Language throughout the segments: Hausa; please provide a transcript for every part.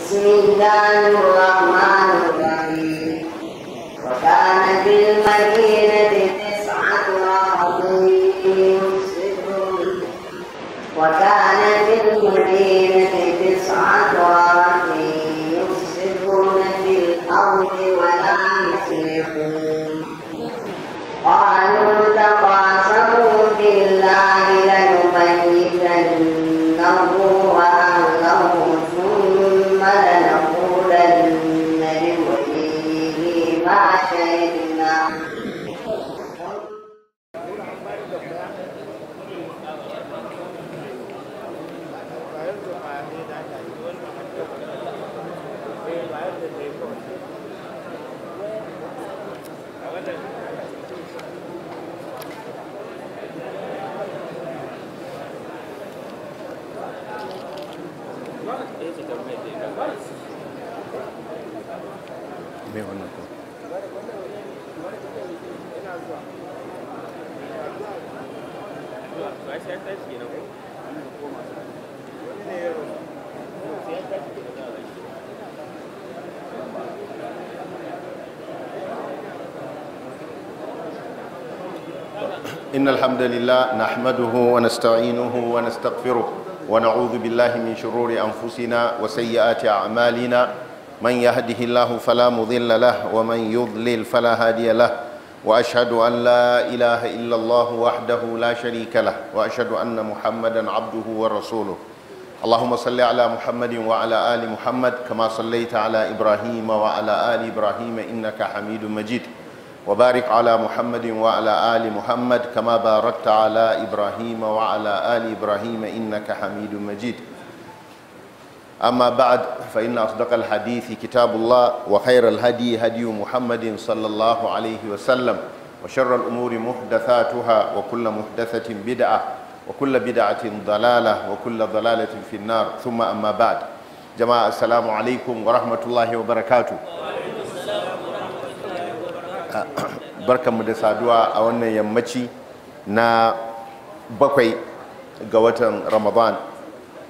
Bismillahirrahmanirrahim. Wa kana fi إن الحمد لله نحمده ونستعينه ونستغفره ونعوذ بالله من شرور أنفسنا وسيئات أعمالنا من يهده الله فلا مضل له ومن يضلل فلا هادي له وأشهد أن لا إله إلا الله وحده لا شريك له وأشهد أن محمدا عبده ورسوله اللهم صل على محمد وعلى آل محمد كما صليت على إبراهيم وعلى آل إبراهيم إنك حميد مجيد وبارك على محمد وعلى آل محمد كما باركت على إبراهيم وعلى آل إبراهيم إنك حميد مجيد أما بعد فإن أصدق الحديث كتاب الله وخير الهدي هدي محمد صلى الله عليه وسلم وشر الأمور محدثاتها وكل محدثة بدعة وكل بدعة ضلالة وكل ضلالة في النار ثم أما بعد جماعة السلام عليكم ورحمة الله وبركاته barkanmu da saduwa a wannan yammaci na bakwai ga watan ramadan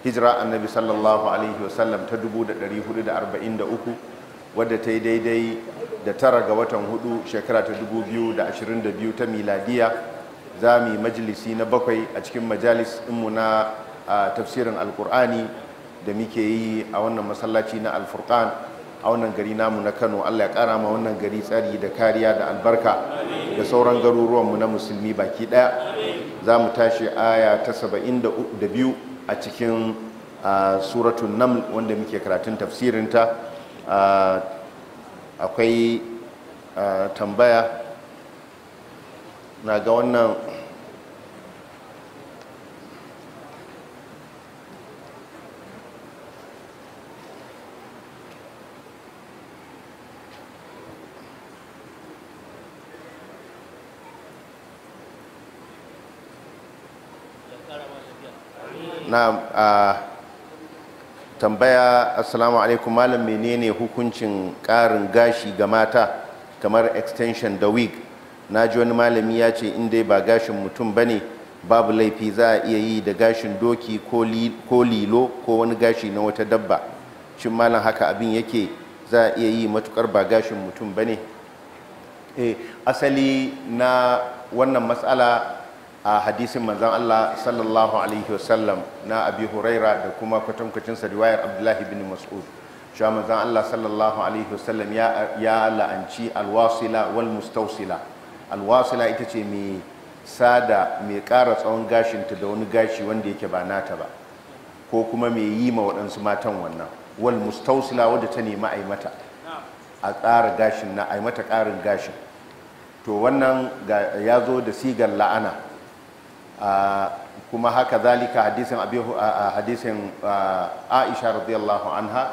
hijira annabi sallallahu alaihi wasallam ta 443 wadda ta yi daidai da tara ga watan hudu shekara ta 2022 ta miladiya za mu yi majalisi na bakwai a cikin majalis ɗinmu na tafsirin alkur'ani da muke yi a wannan masallaci na alfurkan a wannan gari namu na kano allah ya kara ma wannan gari tsari da kariya da albarka da sauran garuruwanmu na musulmi baki daya za mu tashi aya ta saba'in da biyu a cikin suratun nam wanda muke karatun tafsirinta akwai tambaya na ga wannan na tambaya assalamu alaikum malam menene hukuncin karin gashi ga mata kamar extension da wig na ji wani malami ya ce in dai ba gashin mutum ba ne babu laifi za a iya yi da gashin doki ko lilo ko wani gashi na wata dabba shin malam haka abin yake za a iya yi matukar ba gashin mutum ba ne eh, asali na wannan matsala a hadisin manzan Allah sallallahu alaihi wasallam na abi huraira da kuma kwatankwacin sadiwayar abdullahi bin mas'ud cewa manzan Allah sallallahu alaihi wasallam ya la'anci alwasila wal mustausila alwasila ita ce mai sada mai kara tsawon gashinta da wani gashi wanda yake ba nata ba ko kuma mai yi ma waɗansu matan wannan wal mustausila wadda ta nemi aimata a ƙara gashin na mata ƙarin gashin to wannan ya zo da sigar la'ana Ah, kuma haka zalika hadisin ah, ah, hadisin aisha radiyallahu anha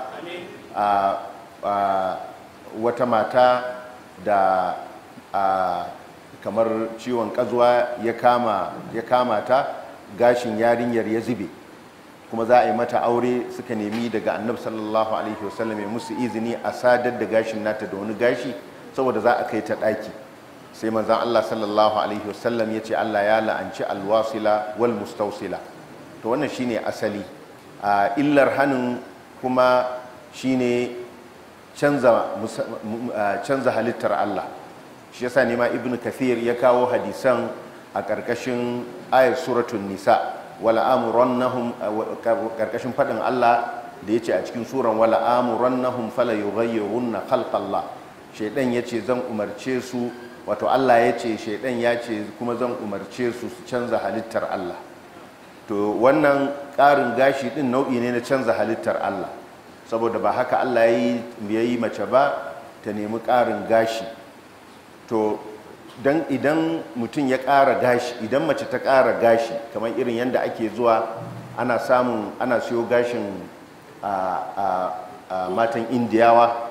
wata mata da kamar ciwon kazuwa ya kama ta gashin yarinyar ya zube kuma za a yi mata aure suka nemi daga annabi sallallahu alaihi wasallam ya musu izini a sadar da gashin nata da wani gashi saboda za a kai ta daki. sai manzan Allah sallallahu alaihi wasallam ya ce Allah ya la'anci alwasila wal mustausila to wannan shine asali a illar hannun kuma shine canza canza halittar Allah shi yasa nema ma ibn kathir ya kawo hadisan a ƙarƙashin ayar suratul nisa wala amurannahum ƙarƙashin faɗin Allah da ya ce a cikin suran wala amurannahum fala yughayyirunna khalqallah shaydan yace zan umarce su wato Allah ya ce shaidan ya ce kuma zan umarce su su canza halittar Allah to wannan ƙarin gashi din nau'i ne na canza halittar Allah saboda ba haka Allah ya yi mace ba ta nemi ƙarin gashi to don idan mutum ya ƙara gashi idan mace ta ƙara gashi kamar irin yadda ake zuwa ana samun ana siyo gashin a matan indiyawa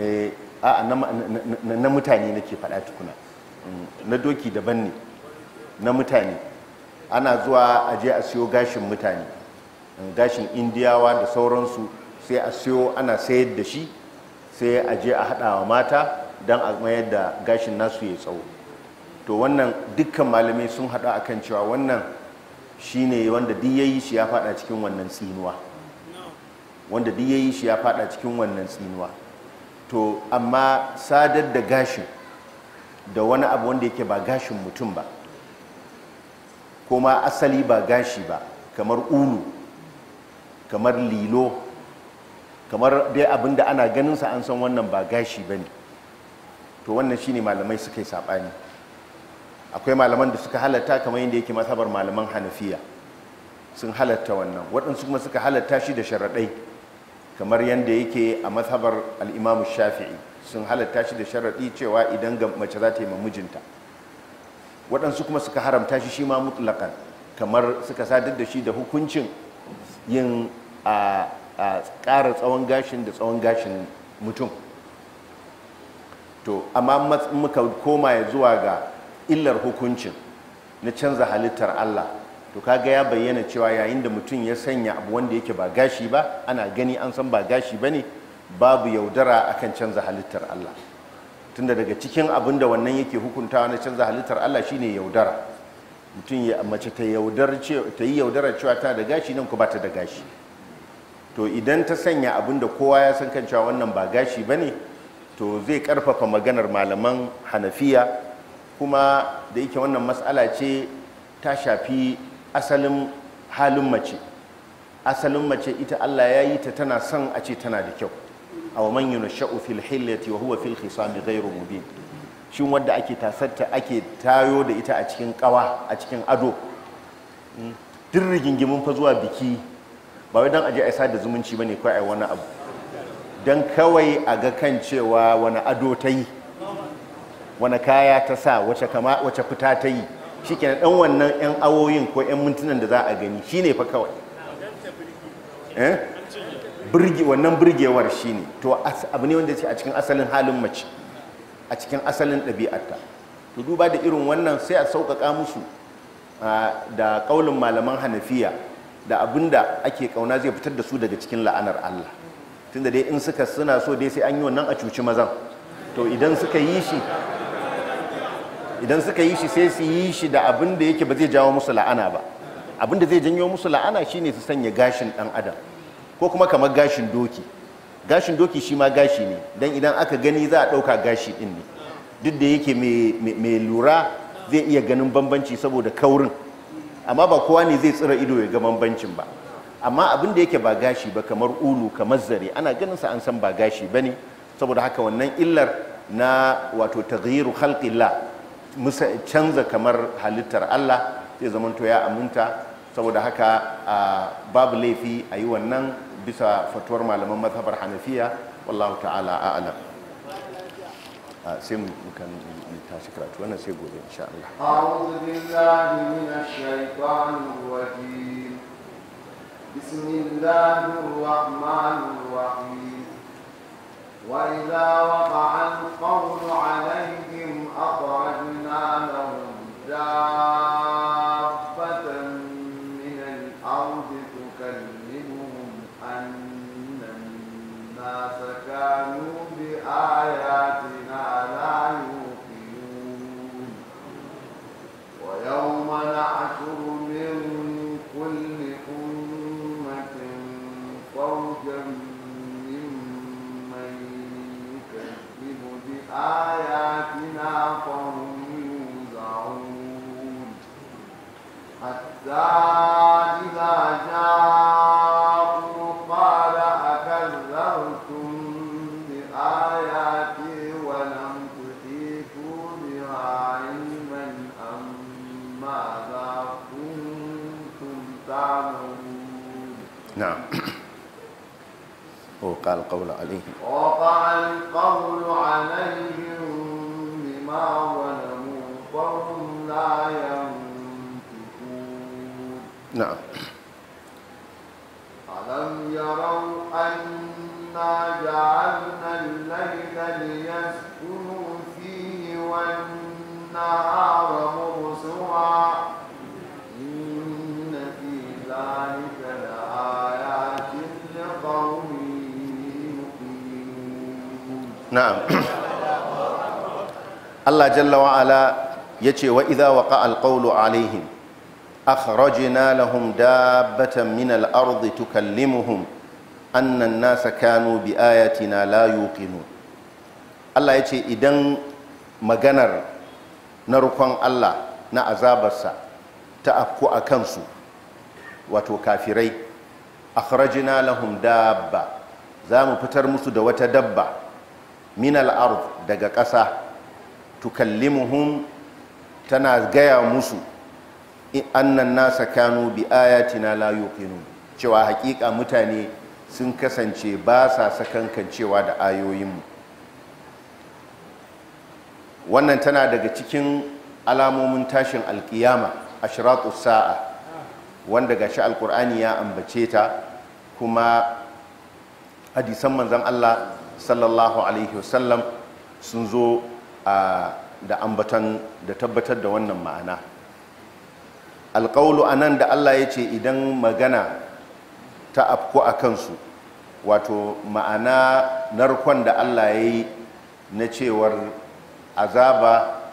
eh, a na mutane nake faɗa tukuna mm, na doki daban ne na mutane ana zuwa a je a siyo gashin mutane mm, gashin indiyawa da sauransu sai a siyo ana sayar da shi sai a je a haɗa wa mata don a mayar da gashin nasu ya tsawo to wannan dukkan malamai sun haɗu kan cewa wannan shine wanda duk yayi shi ya faɗa cikin wannan tsinuwa wanda yayi shi ya faɗa cikin wannan tsinuwa to amma sadar da gashi, da wani abu wanda yake ba gashin mutum ba kuma asali ba gashi ba kamar ulu kamar lilo kamar dai abin da ana ganinsa an san wannan ba gashi ba ne to wannan shine malamai suka yi saɓani akwai malaman da suka halatta kamar yadda yake masabar malaman hanafiya sun halatta wannan waɗansu kuma suka halatta shi da sharaɗai kamar yadda yake a mazhabar al'imamu shafi'i sun halatta shi da sharaɗi cewa idan ga mace za ta yi mijinta waɗansu kuma suka haramta shi shi ma mutlaƙan kamar suka sadar da shi da hukuncin yin a ƙara tsawon gashin da tsawon gashin mutum to amma muka koma ya zuwa ga illar hukuncin na canza halittar allah to kaga ya bayyana cewa yayin da mutum ya sanya abu wanda yake ba gashi ba ana gani an san ba gashi ba ne babu yaudara akan canza halittar Allah tunda daga cikin abin da wannan yake hukuntawa na canza halittar Allah shine yaudara mutum ya mace ta yaudar ta yi yaudara cewa ta da gashi nan ku bata da gashi to idan ta sanya abin da kowa ya san kan cewa wannan ba gashi bane to zai karfafa maganar malaman Hanafiya kuma da yake wannan matsala ce ta shafi asalin halin mace asalin mace ita Allah ya yi ta tana son a ce tana da kyau A wa man sha'u fil hilyati wa huwa fil khisami ghayru mubin shin wadda ake tasarta ake tayo da ita a cikin kawa a cikin ado hmm? duk rigingimin fa zuwa biki ba wai dan aje a sada zumunci bane ko ai wani abu dan kawai a ga kan cewa wani ado ta yi wani kaya ta sa wace kama wace fita ta yi shikenan dan wannan yan awoyin ko yan mintunan da za a gani shine fa kawai eh birge wannan birgewar shine to abu ne wanda ce a cikin asalin halin mace a cikin asalin ɗabi'arta to duba da irin wannan sai a sauƙaƙa musu da ƙaulin malaman hanafiya da abinda ake ƙauna zai fitar da su daga cikin la'anar Allah tunda dai in suka suna so dai sai an yi wannan a cuci mazan to idan suka yi shi idan suka yi shi sai su yi shi da abin da yake ba zai jawo musu la'ana ba abin da zai janyo musu la'ana shi ne su sanya gashin dan adam ko kuma kamar gashin doki gashin doki shi ma gashi ne dan idan aka gani za a ɗauka gashi din ne duk da yake mai lura zai iya ganin bambanci saboda kaurin amma ba kowa ne zai tsira ido ya ga bambancin ba amma abin da yake ba gashi ba kamar ulu kamar zare ana ganin sa an san ba gashi ba ne saboda haka wannan illar na wato taghyiru khalqillah musa canza kamar halittar Allah zai to ya aminta saboda haka babu laifi a yi wannan bisa fatuwar malaman mazhabar hanafiya wallahu ta'ala a ala sai mu kan tashi karatu wannan sai gobe insha Allah a'udhu billahi minash shaitanir rajim bismillahir rahmanir rahim وإذا وقع القول عليهم أخرجنا لهم دابة من الأرض تكلمهم أن الناس كانوا بآياتنا لا يوقنون ويوم jalla wa'ala ya yace wa idza waqa alqawlu alaihim akhrajna lahum dabbatan min al tukallimuhum anna an-nasa kanu bi ayatina la yuqinun Allah yace idan maganar narkon Allah na azabarsa ta afku a kansu wato kafirai akhrajna lahum dabba za mu fitar musu da wata dabba min al daga ƙasa tukallimuhum tana gaya musu annan nasa kanu bi ayatina la cewa hakika mutane sun kasance ba sa cewa da ayoyinmu wannan tana daga cikin alamomin tashin alkiyama ashratu sa'a wanda gashi alkur'ani ya ambace ta kuma hadisan manzon Allah sallallahu alaihi wasallam sun zo da ambatan da tabbatar da wannan ma'ana alƙaulu a nan da allah ya ce idan magana ta afko a kansu wato ma'ana narkon da allah ya yi na cewar azaba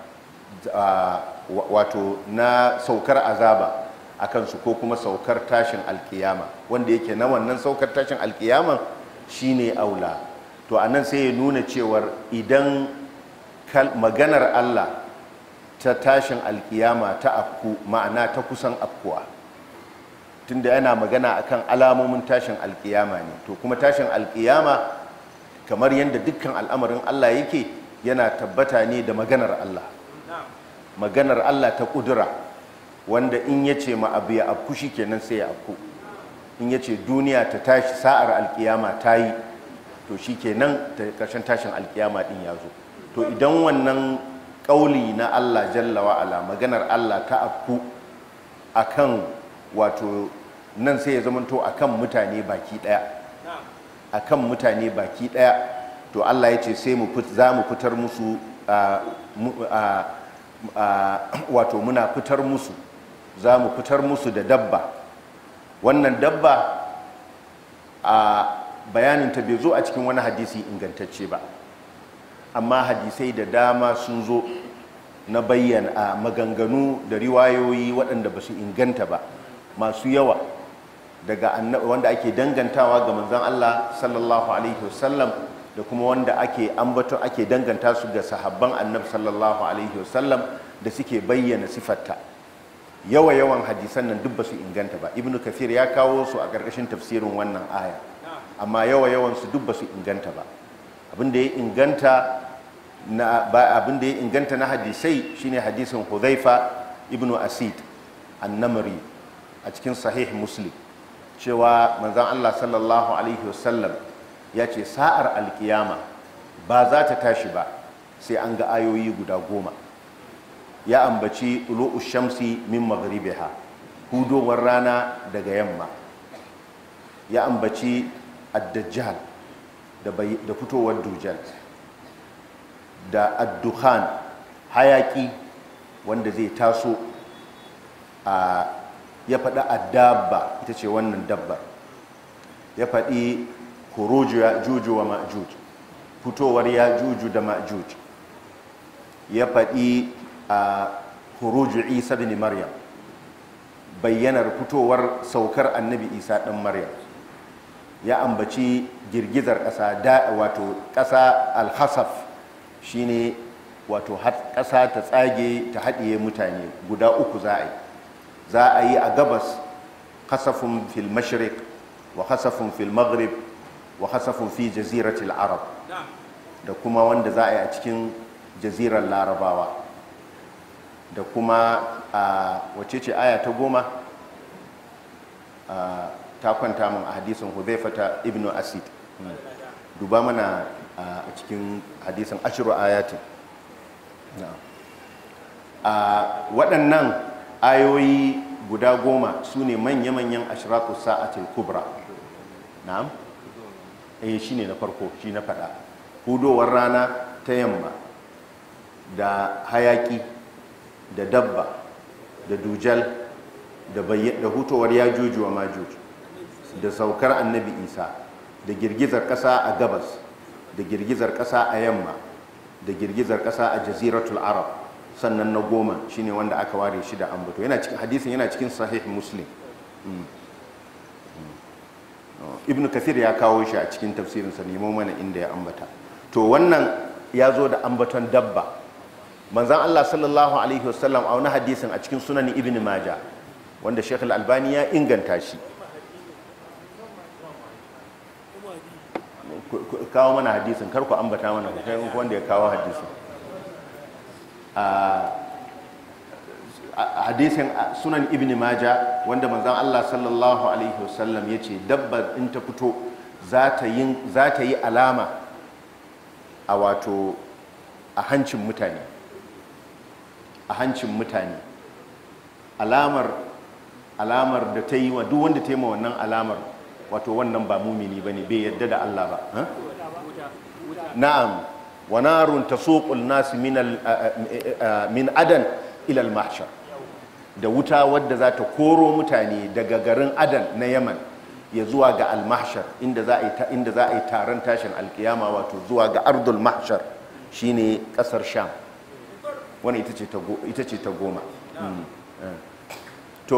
wato na saukar azaba a kansu ko kuma saukar tashin alkiyama wanda yake na wannan saukar tashin alkiyama shine aula to a nan sai ya nuna cewar idan maganar Allah ta tashin alkiyama ta afku ma'ana ta kusan afkuwa tunda yana magana akan alamomin tashin alkiyama ne to kuma tashin alkiyama kamar yadda dukkan al'amarin Allah yake yana tabbata ne da maganar Allah maganar Allah ta kudura wanda in ya ce ma abu ya afku shi kenan sai ya afku in ya ce duniya ta tashi sa'ar alkiyama ta yi to shi shikenan ta ƙarshen tashin alkiyama din ya zo to idan wannan ƙauli na Allah jalla ala maganar Allah ta afku akan wato nan sai ya zamanto akan mutane baki daya akan mutane baki daya to Allah ya ce sai mu za mu fitar musu wato muna fitar musu za mu fitar musu da dabba wannan dabba a bayanin ta bai zo a cikin wani hadisi ingantacce ba amma hadisai da dama sun zo na bayyana a maganganu da riwayoyi waɗanda ba su inganta ba masu yawa daga wanda ake dangantawa ga manzan Allah sallallahu alaihi wasallam da kuma wanda ake ambato ake danganta su ga sahabban annab sallallahu alaihi wasallam da suke bayyana sifarta yawa yawan hadisan nan duk ba su inganta ba ibnu kafir ya kawo su a ƙarƙashin tafsirin wannan aya amma yawa yawan su duk ba su inganta ba abin da ya inganta na abin da ya inganta na hadisai shine hadisin Hudhaifa ibn Asid annamri a cikin sahih Muslim cewa manzon Allah sallallahu alaihi wasallam ya ce sa'ar alkiyama ba za ta tashi ba sai an ga ayoyi guda goma ya ambaci ulu'u shamsi min maghribiha hudowar rana daga yamma ya ambaci ad-dajjal da fitowar dujjal da addukhan hayaki wanda zai taso a ya faɗi addabba ita ce wannan dabbar ya faɗi kuruju ya juju wa fitowar ya juju da ma'juj ya faɗi a kuruju isa bin maryam bayyanar fitowar saukar annabi isa ɗan maryam ya ambaci girgizar ƙasa wato ƙasa alhasaf shine wato har ƙasa ta tsage ta haɗiye mutane guda uku za a yi za a yi a gabas kasafin fil mashriq wa kasafin fil maghrib wa kasafin fi jaziratil arab da kuma wanda za a yi a cikin jazirar larabawa da kuma a wace ce aya ta goma ta kwanta min a hadisin hubaifata ibnu asid duba mana a cikin hadisin ashiru ayatin a waɗannan ayoyi guda goma su ne manya-manyan ashiratu sa'atin kubra na'am eh shi ne na farko shi na faɗa hudowar rana ta yamma da hayaki da dabba da dujal da hutowar yajuju wa majuju da saukar annabi isa da girgizar ƙasa a gabas da girgizar ƙasa a yamma da girgizar ƙasa a jaziratul arab sannan na goma shine wanda aka ware shi da ambato yana cikin hadisin yana cikin sahih muslim mm. Mm. ibn kathir ya kawo shi a cikin tafsirinsa nemo mana inda ya ambata to wannan ya zo da ambaton dabba manzan allah sallallahu alaihi wasallam a wani hadisin a cikin sunan ibn maja wanda shekul albani ya inganta shi kawo mana hadisin kar ku ambata mana kai ku wanda ya kawo hadisin a hadisin sunan ibn maja wanda manzon Allah sallallahu alaihi wasallam ya ce dabbar in ta fito za ta yi alama a wato a hancin mutane a hancin mutane alamar alamar da ta yi wa duk wanda ta yi wannan alamar wato wannan ba mumini ba ne bai yadda da Allah ba na'am wa narun tasuqul nas min min adan ila al mahshar da wuta wadda za ta koro mutane daga garin adan na yaman ya zuwa ga al mahshar inda za a yi taron tashin alkiyama wato zuwa ga ardul mahshar shine kasar sham wannan ita ce ta goma hmm. eh. to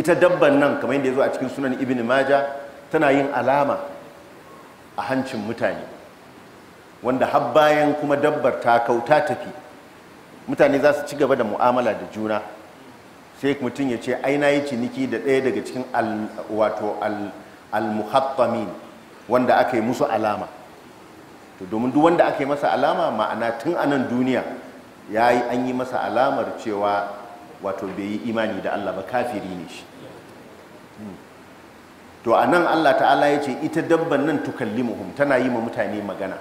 ita dabban nan kamar yadda ya zo a cikin sunan ibn maja tana yin alama a hancin mutane wanda har bayan kuma dabbar ta kauta tafi mutane za su ci gaba da mu'amala da juna sai mutum ya ce aina yi ciniki da ɗaya daga cikin wato al-muhattamin wanda aka yi musu alama to domin duk wanda aka yi masa alama ma'ana tun a nan duniya ya yi an yi masa alamar cewa wato bai yi imani da Allah ba kafiri ne shi hmm. to a nan Allah ta'ala ya ce ita dabban nan tukallimuhum tana yi ma mutane magana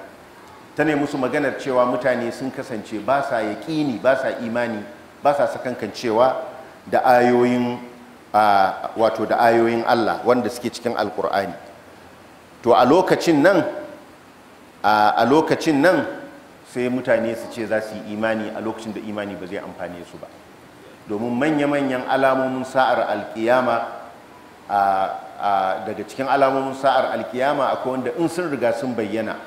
tana musu maganar cewa mutane sun kasance ba sa yaƙini ba sa imani ba sa sakankan cewa da ayoyin wato da ayoyin Allah wanda suke cikin alkur'ani to a lokacin nan a lokacin nan sai mutane su ce za su yi imani a lokacin da imani ba zai amfane su ba domin manya-manyan alamomin sa'ar alkiyama daga cikin alamomin sa'ar alkiyama akwai wanda in sun riga sun bayyana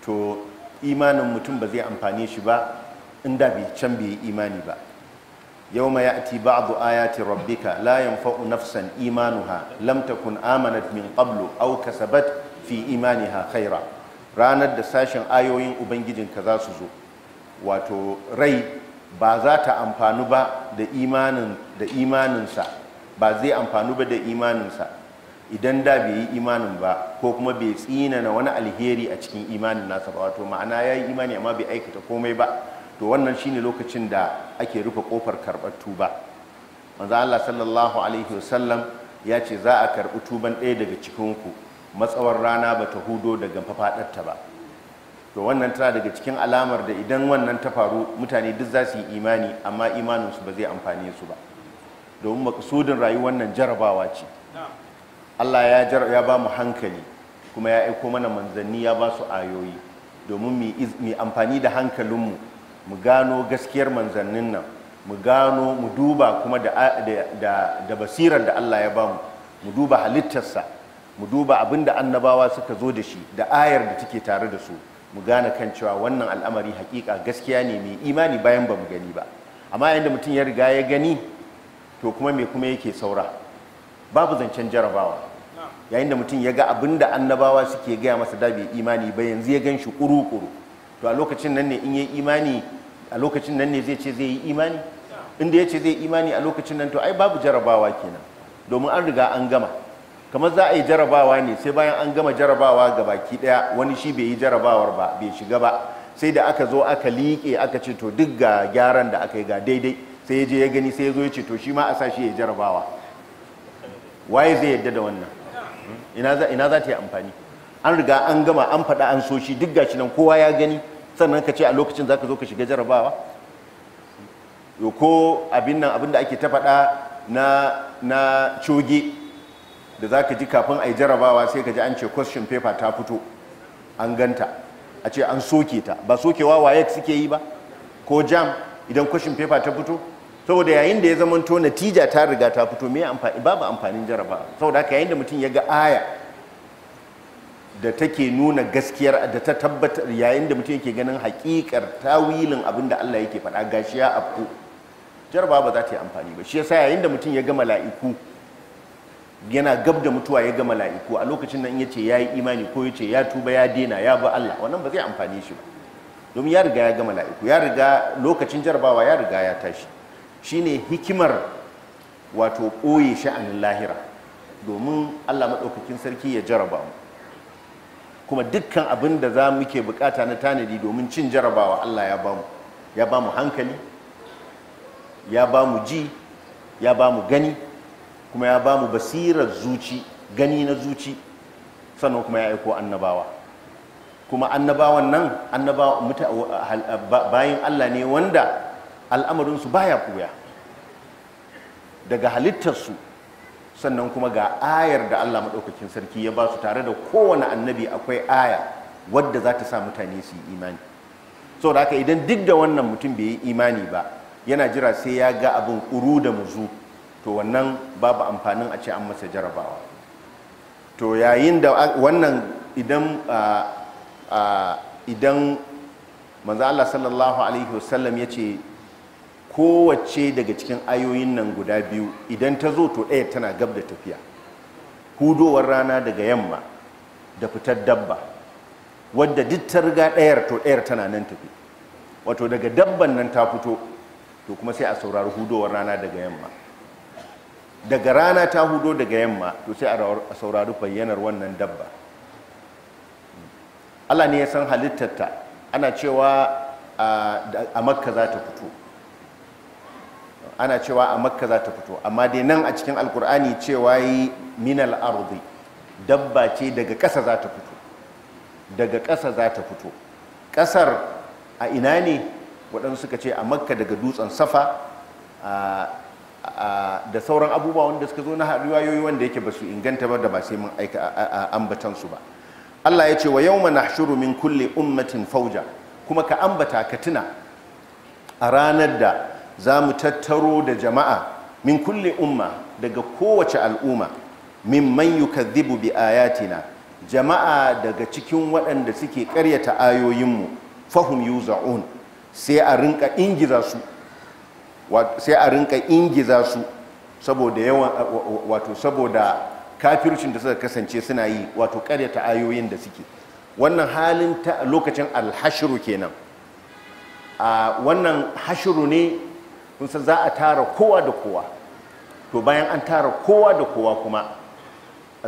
to imanin mutum ba zai amfane shi ba inda bai can bai imani ba yau ma ya'ti ba'du ayati rabbika la yanfa'u nafsan imanuha lam takun amanat min qablu aw kasabat fi imaniha khaira ranar da sashen ayoyin ubangijinka za su zo wato rai ba za ta amfanu ba da imaninsa ba zai amfanu ba da imaninsa idan da bai yi imanin ba ko kuma bai tsinana wani alheri a cikin imanin nasa ba wato ma'ana ya yi imani amma bai aikata komai ba to wannan shine lokacin da ake rufe kofar karɓar tuba manzo Allah sallallahu alaihi wasallam ya ce za a karɓi tuban ɗaya daga cikinku matsawar rana ba ta hudo daga fafaɗarta ba to wannan tana daga cikin alamar da idan wannan ta faru mutane duk za su yi imani amma imaninsu ba zai amfani su ba domin makasudin rayuwar nan jarabawa ce Allah ya ya ba mu hankali kuma ya aiko mana manzanni ya ba su ayoyi domin mu amfani da hankalinmu mu gano gaskiyar manzannin nan mu gano mu duba kuma da basirar da Allah ya ba mu mu duba halittarsa mu duba abin da annabawa suka zo da shi da ayar da take tare da su mu gane kan cewa wannan al'amari hakika gaskiya ne mai imani bayan ba mu gani ba amma yayin da mutum ya riga ya gani to kuma me kuma yake saura babu zancen jarabawa yayin da mutum ya ga abin da annabawa suke gaya masa da bai imani ba yanzu ya gan shi kuru-kuru to a lokacin nan ne in yi imani a lokacin nan ne zai ce zai yi imani inda ya ce zai imani a lokacin nan to ai babu jarabawa kenan domin an riga an gama kamar za a yi jarabawa ne sai bayan an gama jarabawa ga baki daya wani shi bai yi jarabawar ba bai shiga ba sai da aka zo aka liƙe aka ce to duk ga gyaran da aka yi ga daidai sai ya je ya gani sai ya zo ya ce to shi ma a sa shi ya jarabawa waye zai yadda da wannan ina za ta yi amfani an riga an gama an faɗa an so shi duk gashi nan kowa ya gani sannan ka ce a lokacin zaka zo ka shiga jarabawa ko abin nan abin da ake ta faɗa na coge da za ka ji kafin a yi jarabawa sai ka ji an ce question paper ta fito an ganta a ce an soke ta ba sokewa waye suke yi ba ko jam idan question paper ta fito saboda yayin da ya zama to natija ta riga ta fito me amfani babu amfanin jarabawa saboda haka yayin da mutum ya ga aya da take nuna gaskiyar da ta tabbatar yayin da mutum yake ganin hakikar tawilin abin da Allah yake faɗa gashi ya afko jarabawa ba za ta yi amfani ba shi yasa yayin da mutum ya ga mala'iku yana gab da mutuwa ya ga mala'iku a lokacin nan ya ce ya yi imani ko ya ce ya tuba ya dena ya bi Allah wannan ba zai amfani shi ba domin ya riga ya ga mala'iku ya riga lokacin jarabawa ya riga ya tashi shine hikimar wato ɓoye sha'anin lahira domin Allah maɗaukakin sarki ya jaraba mu kuma dukkan abin da za mu ke bukata na tanadi domin cin jarabawa Allah ya ba mu ya ba mu hankali ya ba mu ji ya ba mu gani kuma ya ba mu basirar zuci gani na zuci sannan kuma ya aiko annabawa kuma annabawan nan annabawa bayan Allah ne wanda al'amarinsu baya kuya daga halittarsu sannan kuma ga ayar da Allah maɗaukakin sarki ya ba su tare da kowane annabi akwai aya wadda za ta sa mutane su yi imani so da haka idan duk da wannan mutum bai yi imani ba yana jira sai ya ga abin ƙuru da muzu to wannan babu amfanin a ce an masa jarabawa to yayin da wannan idan idan manzo Allah sallallahu alaihi wasallam ya ce kowace daga cikin ayoyin nan guda biyu idan ta zo to ɗaya tana gab da tafiya hudowar rana daga yamma da fitar dabba wadda duk ta riga ɗayar to ɗayar tana nan tafi wato daga dabban nan ta fito to kuma sai a saurari hudowar rana daga yamma daga rana ta hudo daga yamma to sai a saurari bayyanar wannan dabba Allah ne ya san halittarta ana cewa a makka za ta fito ana cewa a makka za ta fito amma dai nan a cikin alkur'ani cewa yi minal arzi dabba ce daga ƙasa za ta fito daga ƙasa za ta fito ƙasar a ina ne waɗansu suka ce a makka daga dutsen safa da sauran abubuwa wanda suka zo na riwayoyi wanda yake ba su inganta ba da ba sai mun aika ambatan su ba Allah ya ce wa yawma nahshuru min kulle ummatin fauja kuma ka ambata ka tuna a ranar da za mu tattaro da jama'a min kulle umma daga kowace al'umma mimman yukadhibu bi ayatina jama'a daga cikin waɗanda suke karyata ayoyinmu fahum yuza'un sai a rinka ingiza su sai a rinka ingiza su saboda yawan wato saboda kafircin da suka kasance suna yi wato karyata ayoyin da suke wannan halin ta lokacin alhashiru kenan a wannan hashiru ne kun san za a tara kowa da kowa to bayan an tara kowa da kowa kuma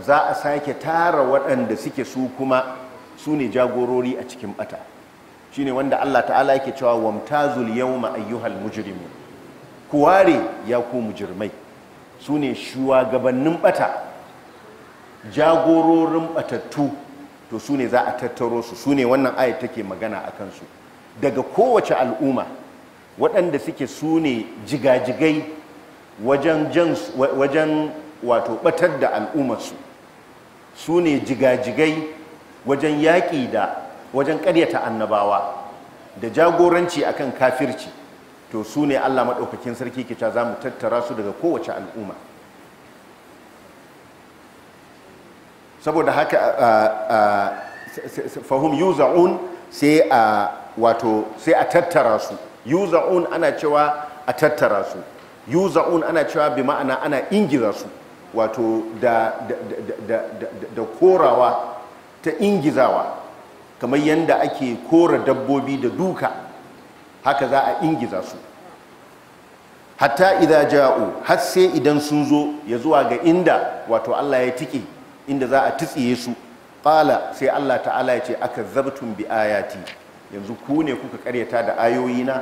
za a sake tara waɗanda suke su kuma su ne jagorori a cikin bata shine wanda Allah ta'ala yake cewa wamtazul yawma ayyuhal mujrimun kuware ya ku mujirmai su ne shugabannin bata jagororin batattu to su ne za a tattaro su su ne wannan ayat take magana a kansu daga kowace al'umma waɗanda suke su ne jigajigai wajen wato batar da al'ummarsu su ne jigajigai wajen yaƙi da wajen ƙaryata annabawa da jagoranci akan kafirci to su ne Allah maɗaukakin sarki ke za mu tattara su daga kowace al'umma saboda haka fahim yuza'un sai a wato sai a tattara su yuza'un ana cewa a tattara su yuza'un ana cewa bi ma'ana ana ingiza su wato da korawa ta ingizawa kamar yadda ake kora dabbobi da duka haka za a ingiza su hatta idan ja'u har sai idan sun zo ya zuwa ga inda wato Allah ya tike inda za a tsiye su qala sai Allah ta'ala ya ce akazzabtum bi ayati yanzu ku ne kuka karyata da ayoyi ayoyina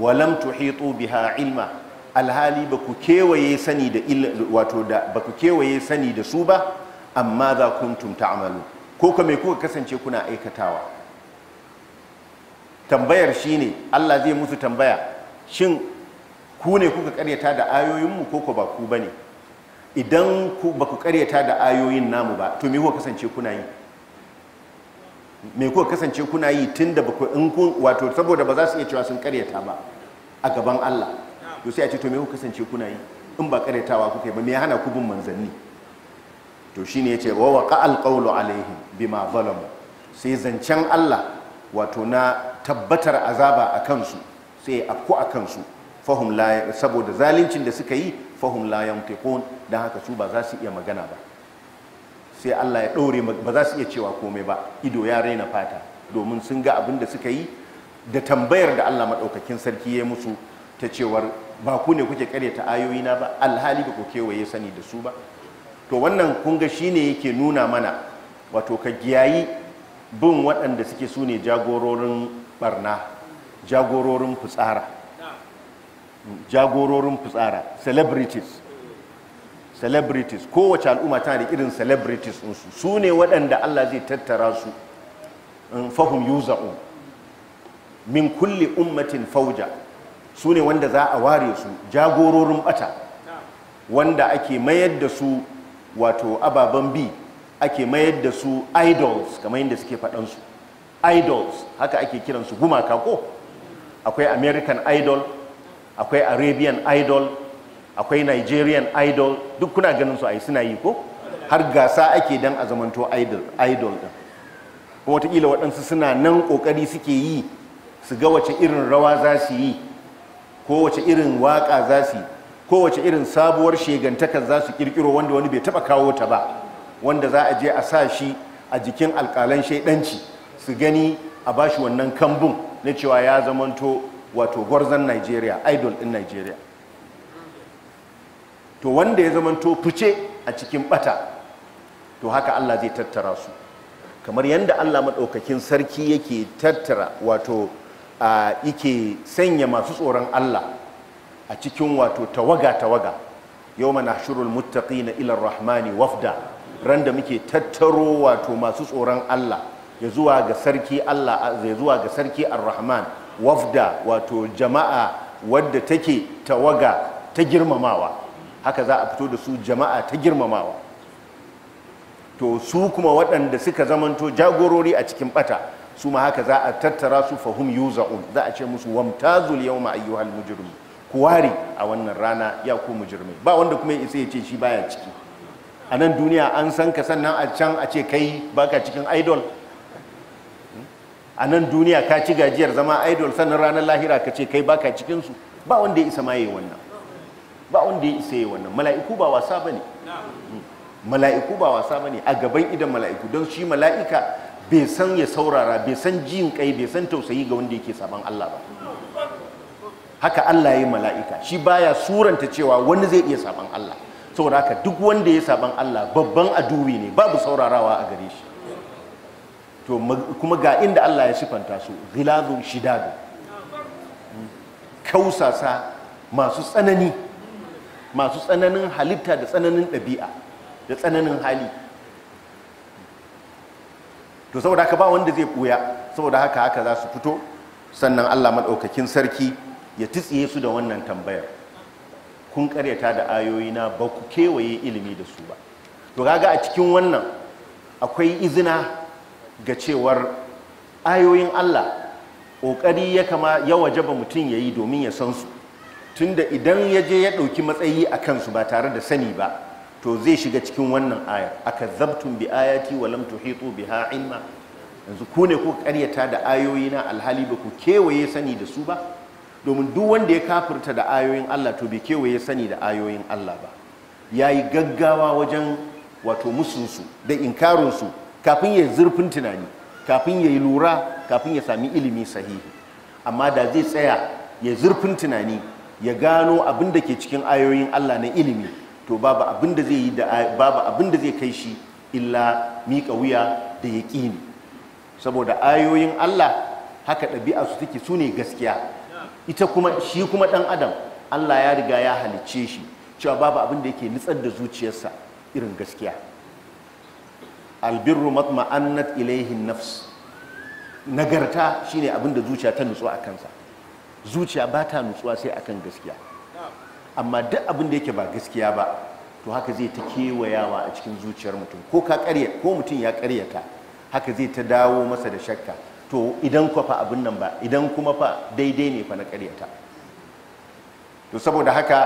walam tuhitu biha ilma alhali ba ku kewaye sani da wato da ba ku kewaye sani da su ba amma za kuntum ta'malu ko kuma me kuka kasance kuna aikatawa tambayar shine Allah zai musu tambaya shin ku ne kuka karyata da ayoyinmu ko ba ku bane idan ku ba ku karyata da ayoyin namu ba to me kuka kasance kuna yi me kuka kasance kuna yi tunda ba ku in kun wato saboda ba za su iya cewa sun karyata ba a gaban Allah to sai a ce to me kuka kasance kuna yi in ba karyatawa kuka yi ba me ya hana ku bin manzanni to shine yace wa waqa alqawlu alaihim bima zalamu sai zancen Allah wato na tabbatar azaba a kansu sai afku a kansu saboda zalincin da suka yi fahim layan yantiqun don haka su ba za su iya magana ba sai Allah ya ɗaure ba za su iya cewa komai ba ido ya raina fata domin sun ga abin da suka yi da tambayar da Allah maɗaukakin sarki ya musu ta cewar ba ku ne kuke karyata ayoyina ba alhali ba ku kewaye sani da su ba to wannan kunga ga shine yake nuna mana wato ka giyayi bin waɗanda suke su ne jagororin barna jagororin fitsara jagororin fitsara celebrities celebrities kowace al'umma tana da irin celebrities su su ne waɗanda Allah zai tattara su fahim yuza'un min kulli ummatin fauja su ne wanda za a ware su jagororin bata wanda ake mayar da su wato ababen bi ake mayar da su idols kamar yadda suke faɗansu idols haka ake kiransu gumaka ko akwai american idol akwai arabian idol akwai nigerian idol duk kuna ganin su ai suna yi ko har gasa ake dan a zamanto idol idol din kuma wataƙila waɗansu suna nan ƙoƙari suke yi su ga wace irin rawa za su yi ko wace irin waƙa za su yi ko wace irin sabuwar shegantakar za su ƙirƙiro wanda wani bai taɓa kawo ta ba wanda za a je a sa shi a jikin alƙalan shaidanci su gani a bashi wannan kambun na cewa ya zamanto wato gwarzon Najeriya idol din Najeriya to wanda ya zamanto fice a cikin bata to haka Allah zai tattara su kamar yadda Allah maɗaukakin sarki yake tattara wato yake sanya masu tsoron Allah a cikin wato tawaga-tawaga yau mana shirul muttaqi na ilar rahmani wafda randa muke tattaro wato masu tsoron Allah ya zuwa ga sarki Allah ya zuwa ga sarki Ar-Rahman wafda wato jama'a wadda take tawaga ta girmamawa haka za a fito da su jama'a ta girmamawa to su kuma waɗanda suka zamanto jagorori a cikin bata su ma haka za a tattara su fahum yuza'un za a ce musu wamtazul yawma ayyuhal mujrim kuwari a wannan rana ya ku mujrimai ba wanda kuma ya ce shi baya ciki a nan duniya an san ka sannan a can a ce kai baka cikin idol a nan duniya ka ci gajiyar zama idol sannan ranar lahira ka ce kai baka cikinsu ba wanda ya isa ma yi wannan ba wanda ya isa yi wannan mala'iku ba wasa ba hmm. mala'iku ba wasa ba a gaban idan mala'iku don shi mala'ika bai san ya saurara bai san jin kai bai san tausayi ga wanda yake saban Allah ba haka Allah ya yi mala'ika shi baya suranta cewa wani zai iya saban Allah saboda haka duk wanda ya saban Allah babban adubi ne babu saurarawa a gare shi to kuma ga inda Allah ya sifanta su ghilazun shidadu hmm. kausasa masu tsanani masu tsananin halitta da tsananin ɗabi'a da tsananin hali to saboda haka ba wanda zai buya saboda haka haka za su fito sannan Allah maɗaukakin sarki ya titsiye su da wannan tambayar kun karyata da ayoyi na ba ku kewaye ilimi da su ba to kaga a cikin wannan akwai izina ga cewar ayoyin Allah ƙoƙari ya kama ya jaba mutum ya yi domin ya san su tunda idan ya je ya ɗauki matsayi a kansu ba tare da sani ba to zai shiga cikin wannan aya aka zabtun bi ayati wa lam tuhitu biha ilma yanzu ku ne kuka karyata da ayoyi na alhali ba ku kewaye sani da su ba domin duk wanda ya kafirta da ayoyin Allah to bai kewaye sani da ayoyin Allah ba yayi gaggawa wajen wato su da su kafin ya zurfin tunani kafin ya yi lura kafin ya sami ilimi sahihi amma da zai tsaya ya zurfin tunani ya gano abin da ke cikin ayoyin Allah na ilimi to babu abin da zai yi da babu abin da zai kai shi illa miƙa wuya da ne. saboda ayoyin Allah haka ɗabi'a su take su ne gaskiya ita kuma shi kuma ɗan adam Allah ya riga ya halicce shi cewa babu abin da yake nutsar da zuciyarsa irin gaskiya albirru matma'annat ilaihin nafs nagarta shine abin da zuciya ta nutsu a kansa zuciya ba ta nutsuwa sai akan gaskiya amma duk abin da yake ba gaskiya ba to haka zai ta kewayawa a cikin zuciyar mutum ko ka karya ko mutum ya karyata haka zai ta dawo masa da shakka to idan kwa fa abin nan ba idan kuma fa daidai ne fa na karyata to saboda haka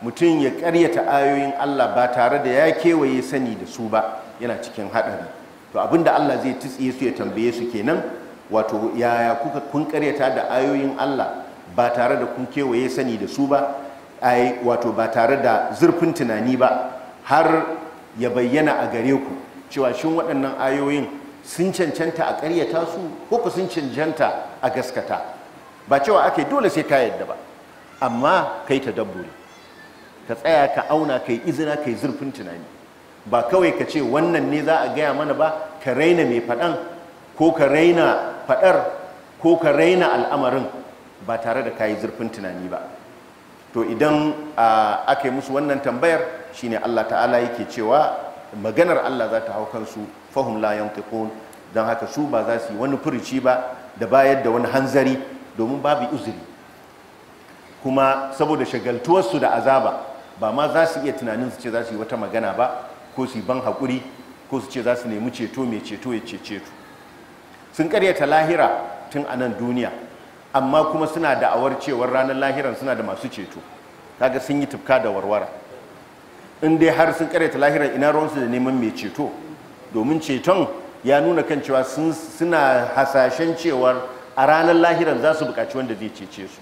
mutum ya karyata ayoyin Allah ba tare da ya kewaye sani da su ba yana cikin haɗari to abinda Allah zai tutsiye su ya tambaye su kenan wato yaya kuka kun karyata da ayoyin Allah ba tare da kun kewaye sani da su ba ai wato ba tare da zurfin tunani ba har ya bayyana a gare ku cewa shin waɗannan ayoyin sun cancanta a karyata su ko ku sun cancanta a gaskata ba cewa ake dole sai ka yadda ba amma kai ta dabbure ka tsaya ka auna kai izina kai zurfin tunani ba kawai ka ce wannan ne za a gaya mana ba ka raina mai faɗan ko ka raina faɗar ko ka raina al'amarin ba tare da ka yi zurfin tunani ba to idan aka yi musu wannan tambayar shine Allah ta'ala yake cewa maganar Allah za ta hau kansu fahim layan yantiqun don haka su ba za su yi wani furuci ba da bayar da wani hanzari domin babu uzuri kuma saboda shagaltuwarsu da azaba ba ma za su iya tunanin su ce za su yi wata magana ba ko su ban haƙuri ko su ce za su nemi ceto mai ceto ya ce ceto. sun karyata lahira tun a nan duniya amma kuma suna da'awar cewar ranar lahiran suna da masu ceto kaga sun yi tufka da warwara in dai har sun karyata lahiran ina ruwansu da neman mai ceto domin ceton ya nuna kan cewa suna hasashen cewar a ranar lahiran za su buƙaci wanda zai cece su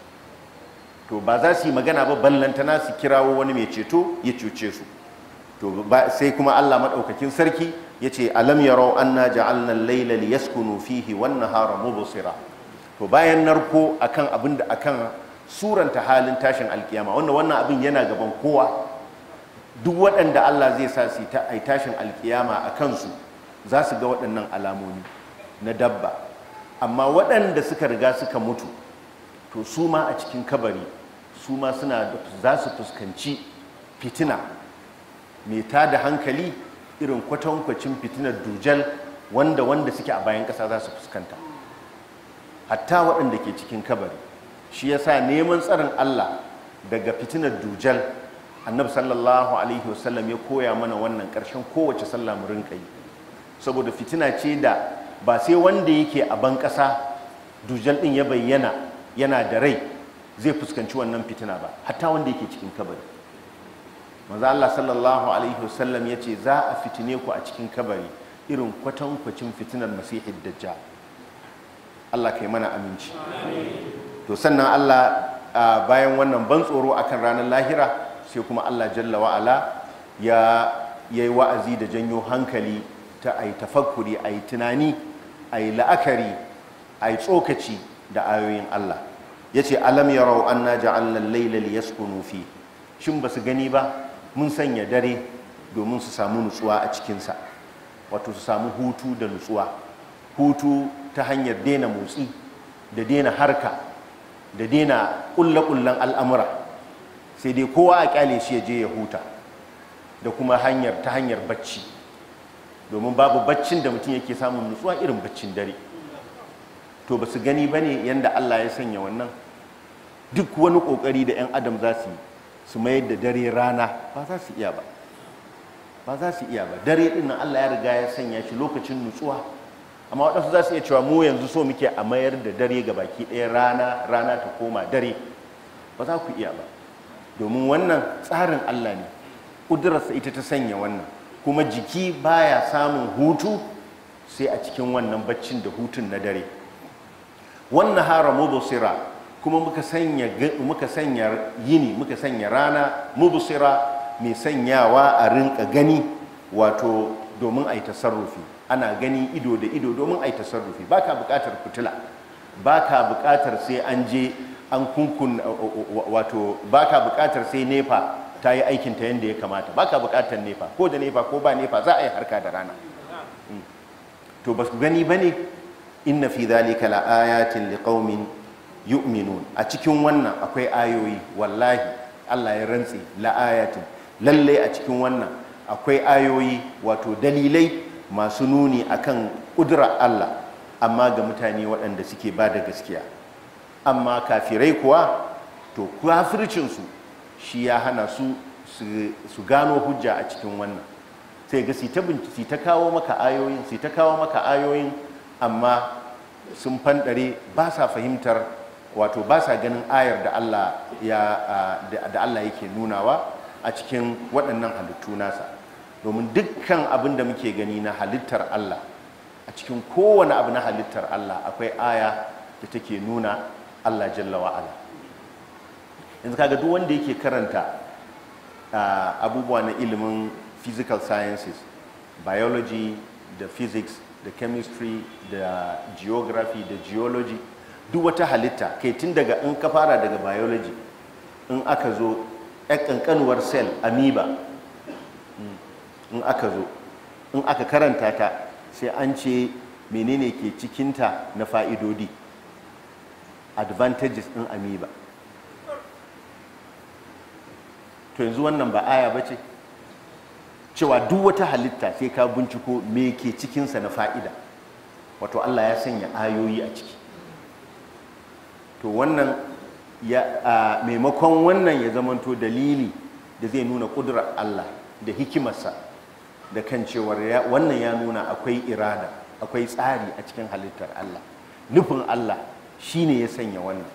to ba za su yi magana ba ballantana su kirawo wani mai ceto ya cuce su to sai kuma Allah madaukakin sarki yace alam yarau anna ja'alna al-layla liyaskunu fihi wan-nahara mubsira to bayan narko akan abin da akan suranta halin tashin alkiyama wannan wannan abin yana gaban kowa duk waɗanda Allah zai sa su ta tashin alkiyama a kansu za su ga waɗannan alamomi na dabba amma waɗanda suka riga suka mutu to su ma a cikin kabari su ma suna za su fuskanci fitina mai ta da hankali irin kwatankwacin fitinar dujal wanda wanda suke a bayan ƙasa za su fuskanta hatta waɗanda ke cikin kabari shi yasa neman tsarin Allah daga fitinar dujal annabi sallallahu alaihi wasallam ya koya mana wannan ƙarshen kowace sallah mu rinka yi saboda fitina ce da ba sai wanda yake a ban ƙasa dujal ɗin ya bayyana yana da rai zai fuskanci wannan fitina ba hatta wanda yake cikin kabari Maza Allah sallallahu alaihi wasallam yace za a fitine ku a cikin kabari irin kwatankwacin fitinar masihid dajjal Allah kai mana aminci to sannan Allah bayan wannan ban tsoro akan ranar lahira sai kuma Allah jalla wa'ala ya yayi wa'azi da janyo hankali ta ai tafakkuri ai tunani ai la'akari ai tsokaci da ayoyin Allah yace alam yarau anna ja'alna al-layla liyaskunu fi shin basu gani ba mun sanya dare domin su samu nutsuwa a cikinsa wato su samu hutu da nutsuwa hutu ta hanyar daina motsi da daina harka da daina ƙulle-ƙullen al'amura sai dai kowa a kyale shi ya je ya huta da kuma hanyar ta hanyar bacci domin babu baccin da mutum yake samun nutsuwa irin baccin dare to ba su gani ba ne yadda allah ya sanya wannan duk wani ƙoƙari da 'yan adam za su yi su mayar da dare rana ba za su iya ba ba za su iya ba dare din nan Allah ya riga ya sanya shi lokacin nutsuwa amma waɗansu za su iya cewa mu yanzu so muke a mayar da dare ga baki ɗaya rana rana ta koma dare ba za ku iya ba domin wannan tsarin Allah ne ƙudurarsa ita ta sanya wannan kuma jiki baya samun hutu sai a cikin wannan baccin da hutun na dare wannan hara mubusira kuma muka sanya muka sanya yini muka sanya rana mubsira mai sanyawa a rinka gani wato domin ai tasarrufi ana gani ido da ido domin ai tasarrufi baka bukatar fitila baka bukatar sai an je an kunkun wato baka bukatar sai nefa ta yi aikin ta yadda ya kamata baka bukatar nefa ko da nefa ko ba nefa za a yi harka da rana hmm. to ba su gani bane inna fi zalika la ayatin liqaumin yu'minun a cikin wannan akwai ayoyi wallahi Allah ya rantse la'ayatin lalle a cikin wannan akwai ayoyi wato dalilai masu nuni akan kudura Allah amma ga mutane waɗanda suke ba da gaskiya amma kafirai kuwa to kafircinsu shi ya hana su su gano hujja a cikin wannan sai ga si ta kawo maka ayoyin si ta kawo maka ayoyin amma sun fanɗare ba sa fahimtar wato ba sa ganin ayar da Allah ya da Allah yake nunawa a cikin waɗannan halittu nasa domin dukkan abin da muke gani na halittar Allah a cikin kowane abu na halittar Allah akwai aya da take nuna Allah jalla ala. yanzu kaga duk wanda yake karanta abubuwa na ilimin physical sciences biology da physics da chemistry da geography da geology duk wata halitta ke tun daga in ka fara daga biology in aka zo ƙanƙanuwar cell amoeba in aka zo in aka karanta ta sai an ce menene ke cikinta na fa'idodi advantages in amoeba to yanzu wannan ba aya ba ce cewa duk wata halitta sai ka binciko me ke cikinsa na fa'ida wato allah ya sanya ayoyi a ciki to wannan ya maimakon wannan ya zamanto dalili da zai nuna ƙudurar Allah da hikimarsa da kan cewar wannan ya nuna akwai irada akwai tsari a cikin halittar Allah nufin Allah shi ne ya sanya wannan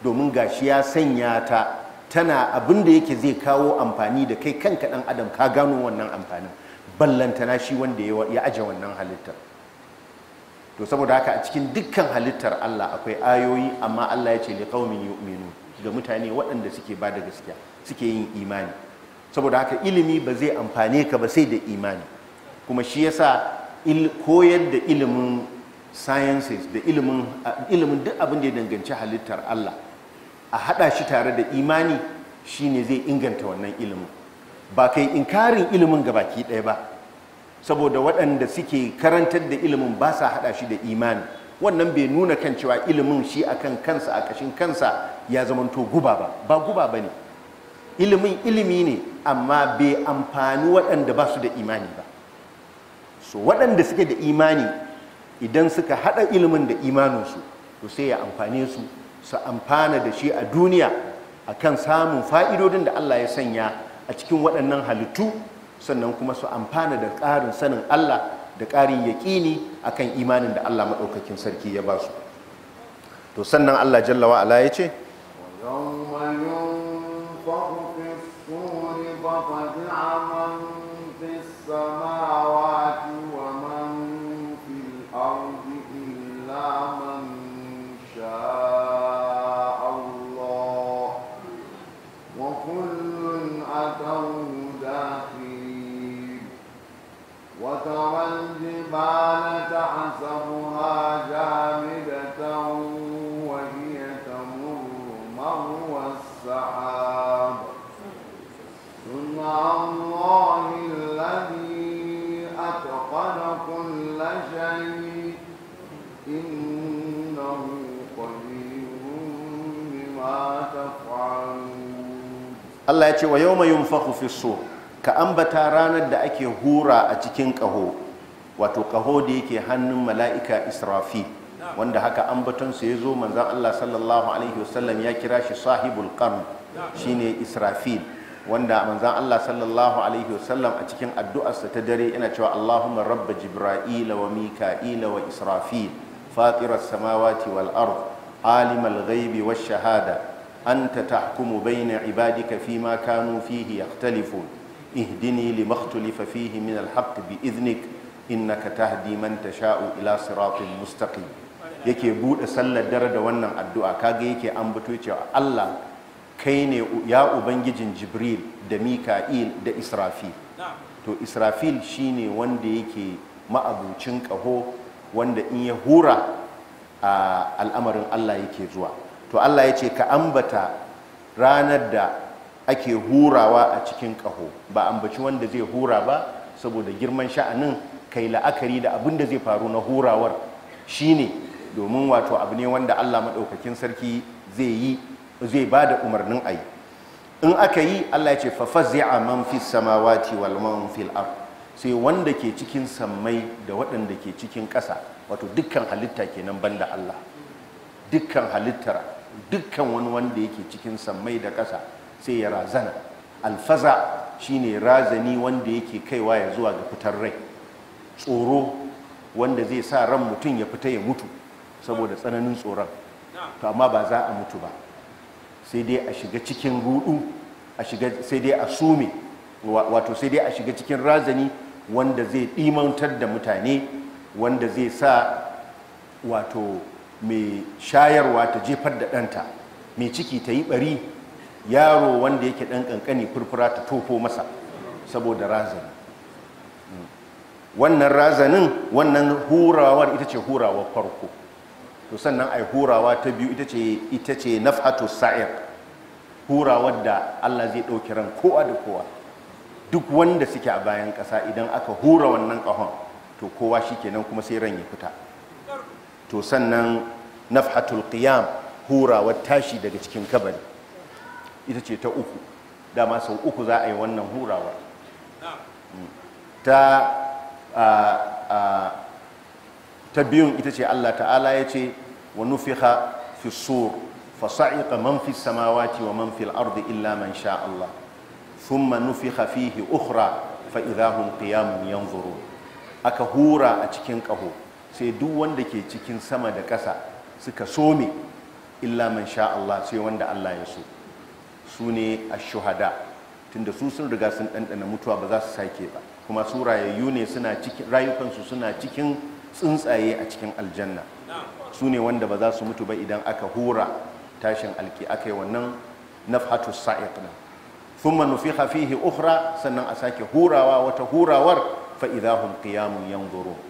domin gashi ya sanya ta tana abin da yake zai kawo amfani da kai kanka ɗan adam ka gano wannan amfanin ballantana shi wanda ya aje wannan halittar to saboda haka a cikin dukkan halittar Allah akwai ayoyi amma Allah ya ce li qaumin yu'minun ga mutane waɗanda suke ba da gaskiya suke yin imani saboda haka ilimi ba zai amfane ka ba sai da imani kuma shi yasa koyar da ilimin sciences da ilimin ilimin duk abin da ya danganci halittar Allah a hada shi tare da imani shine zai inganta wannan ilimin ba kai inkarin ilimin gabaki ɗaya ba saboda waɗanda suke karantar da ilimin ba sa haɗa shi da imani wannan bai nuna kan cewa ilimin shi akan kansa a ƙashin kansa ya zamanto guba ba ba guba ba ne ilimin ilimi ne amma bai amfani waɗanda ba su da imani ba so waɗanda suke da imani idan suka haɗa ilimin da imaninsu to sai ya amfane su su amfana da shi a duniya a kan samun fa'idodin da Allah ya sanya a cikin waɗannan halittu sannan kuma su amfana da ƙarin sanin Allah da ƙarin yaƙini akan imanin da Allah maɗaukakin sarki ya ba su to sannan Allah Jallawa ala ya ce Allah ya ce wa yau mai fi sur ka ambata ranar da ake hura a cikin ƙaho wato ƙaho da yake hannun mala'ika Israfi wanda haka ambaton su zo manzon Allah sallallahu alaihi wasallam ya kira shi sahibul qarn shine Israfil wanda manzan Allah sallallahu alaihi wasallam a cikin addu'arsa ta dare yana cewa Allahumma rabba Jibra'ila wa Mika'ila wa Israfil fatirar samawati wal ard alimal ghaibi wash shahada anta tahkumu bayna ibadika ma kanu fihi yakhtalifun ihdini lima ikhtalafa fihi min alhaq bi idhnik innaka tahdi man tasha'u ila siratin mustaqim yake buɗe sallar dare da wannan addu'a kaga yake an ambato cewa Allah kai ne ya ubangijin Jibril da Mika'il da Israfil to Israfil shine wanda yake ma'abucin kaho wanda in ya hura a al'amarin Allah yake zuwa to Allah ya ce ka ambata ranar da ake hurawa a cikin ƙaho ba ambaci wanda zai hura ba saboda girman sha'anin kai la'akari da abin da zai faru na hurawar shine domin wato abu ne wanda Allah maɗaukakin sarki zai yi zai ba da umarnin ayi. in aka yi Allah ya ce fa zai man fis samawati wal man fil sai wanda ke cikin sammai da waɗanda ke cikin ƙasa wato dukkan halitta kenan banda Allah dukkan halittar dukkan wani wanda yake cikin sammai da ƙasa sai ya razana alfaza shine razani wanda yake kaiwa ya zuwa ga fitar rai tsoro wanda zai sa ran mutum ya fita ya mutu saboda tsananin tsoron to amma ba za a mutu ba sai dai a shiga cikin rudu sai dai a sume wato sai dai a shiga cikin razani wanda zai ɗimantar da mutane wanda zai sa wato mai shayarwa ta jefar da ɗanta mai ciki ta yi ɓari yaro wanda yake ɗan ƙanƙani furfura ta tofo masa saboda razani wannan razanin wannan hurawar ita ce hurawar farko to sannan ai hurawa ta biyu ita ce ita ce nafhatu sa'ir hurawar da Allah zai ɗauki ran kowa da kowa duk wanda suke a bayan ƙasa idan aka hura wannan ƙahon to kowa shikenan kuma sai ran ya fita to sannan nafhatul qiyam hurawar tashi daga cikin kabari ita ce ta uku dama sau uku za a yi wannan hurawar ta ta biyun ita ce Allah ta'ala ya ce wa nufiha fi sur fa sa'iqa man fi samawati wa man fil ardi illa man sha Allah thumma nufiha fihi ukhra fa idahum qiyamun yanzurun aka hura a cikin ƙaho sai duk wanda ke cikin sama da ƙasa suka some illa man sha Allah sai wanda Allah ya so su ne shuhada tunda su sun riga sun ɗanɗana mutuwa ba za su sake ba kuma su rayayyu ne suna cikin rayukansu suna cikin tsuntsaye a cikin aljanna su ne wanda ba za su mutu ba idan aka hura tashin alki aka yi wannan nafhatu sa'iq din thumma nufiha fihi ukhra sannan a sake hurawa wata hurawar fa idahum qiyamun yanzurun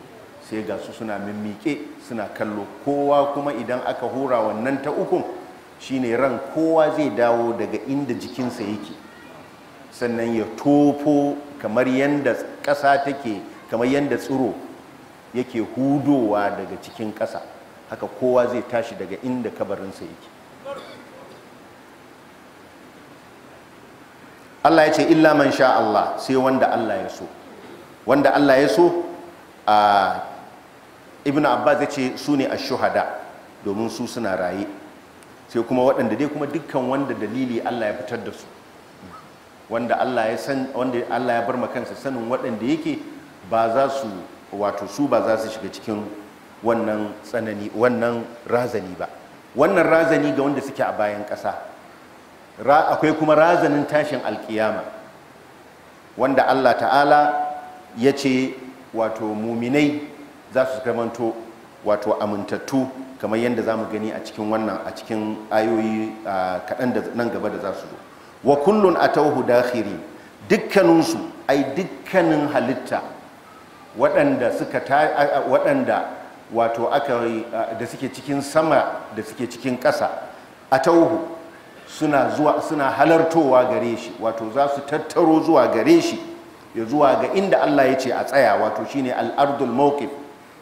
sai ga su suna mimmiƙe suna kallo kowa kuma idan aka hura wannan ta ukun shine ran kowa zai dawo daga inda jikinsa yake sannan ya tofo kamar yadda ƙasa take kamar yadda tsiro yake hudowa daga cikin ƙasa haka kowa zai tashi daga inda kabarinsa yake Allah ya ce illa man sha Allah sai wanda Allah ya so wanda Allah ya so a ibn abbas ya ce su ne a shuhada domin su suna raye sai kuma waɗanda dai kuma dukkan wanda dalili Allah ya fitar da su wanda Allah ya san wanda Allah ya bar ma kansa sanin waɗanda yake ba za su wato su ba za su shiga cikin wannan tsanani wannan razani ba wannan razani ga wanda suke a bayan ƙasa akwai kuma razanin tashin alkiyama wanda Allah ta'ala ya ce wato muminai za su to wato amintattu kamar yadda za mu gani a cikin wannan a cikin ayoyi kaɗan da nan gaba da za su zo wa kullun tauhu dakhiri dukkaninsu ai dukkanin halitta waɗanda suka waɗanda wato aka da suke cikin sama da suke cikin ƙasa atauhu suna zuwa suna halartowa gare shi wato za su tattaro zuwa gare shi ya zuwa ga inda Allah ya ce a tsaya wato shine al-ardul mawqif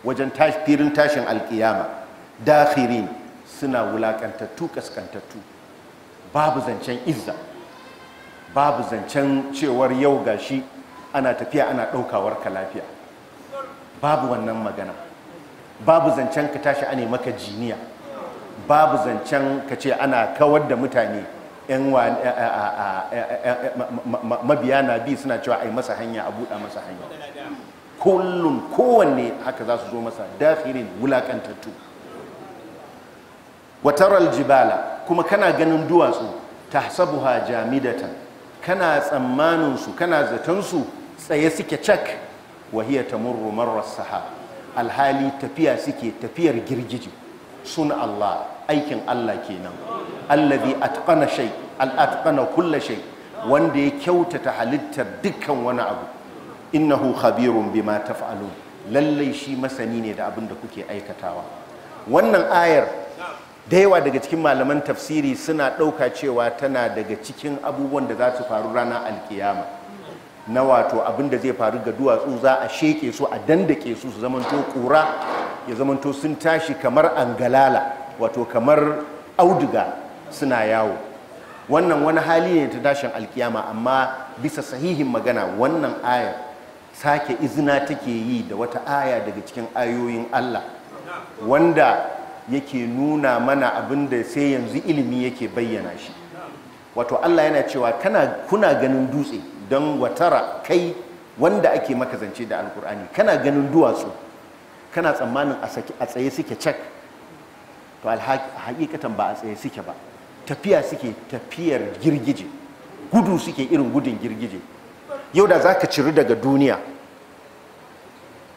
wajen filin tashin alkiyama dakhirin suna wulakantattu kaskantattu babu zancen izza babu zancen cewar yau gashi ana tafiya ana ɗaukawar ka lafiya babu wannan magana babu zancen ka tashi ane maka jiniya babu zancen ka ce ana kawar da mutane yan mabiya na bi suna cewa a yi masa hanya a buɗa masa hanya kullun kowanne haka za su zo masa dafirin wulakantattu wataral jibala kuma kana ganin duwatsu tahsabuha jamidatan kana tsammaninsu kana zaton tsaye suke cak Wahiyata tamurru marra alhali tafiya suke tafiyar girgiji sun Allah aikin Allah kenan allazi atqana shay al atqana shai. shay wanda ya kyautata halittar dukkan wani abu innahu khabirun bima taf'alun lallai shi masani ne da abin da kuke aikatawa wannan ayar da yawa daga cikin malaman tafsiri suna ɗauka cewa tana daga cikin abubuwan da za su faru ranar alkiyama na wato abin da zai faru ga duwatsu za a sheke su a dandake su su zamanto kura ya zamanto sun tashi kamar angalala wato kamar auduga suna yawo wannan wani hali ne ta tashin alkiyama amma bisa sahihin magana wannan ayar sake izina take yi da wata aya daga cikin ayoyin Allah wanda yake nuna mana abin da sai yanzu ilimi yake bayyana shi wato Allah yana cewa kana kuna ganin dutse don watara kai wanda ake makazance zance da alkur'ani kana ganin duwatsu kana tsammanin a tsaye suke cak to hakikatan ba a tsaye suke ba tafiya suke tafiyar girgije gudu suke irin gudun girgije yau da za ka ciri daga duniya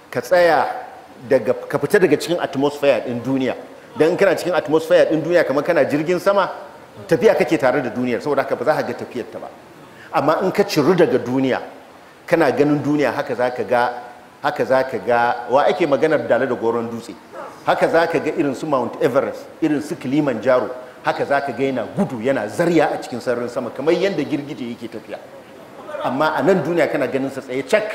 ka tsaya daga ka fita daga cikin atmosphere din duniya dan kana cikin atmosphere din duniya kamar kana jirgin sama tafiya kake tare da duniya saboda haka ba za ka ga tafiyar ta ba amma in ka ciru daga duniya kana ganin duniya haka za ka ga haka za ka ga wa ake maganar dala da goron dutse haka za ka ga irin su mount everest irin su kilimanjaro haka za ka ga yana gudu yana zarya a cikin sararin sama kamar yadda girgije yake tafiya amma a nan duniya kana ganin sa tsaye cek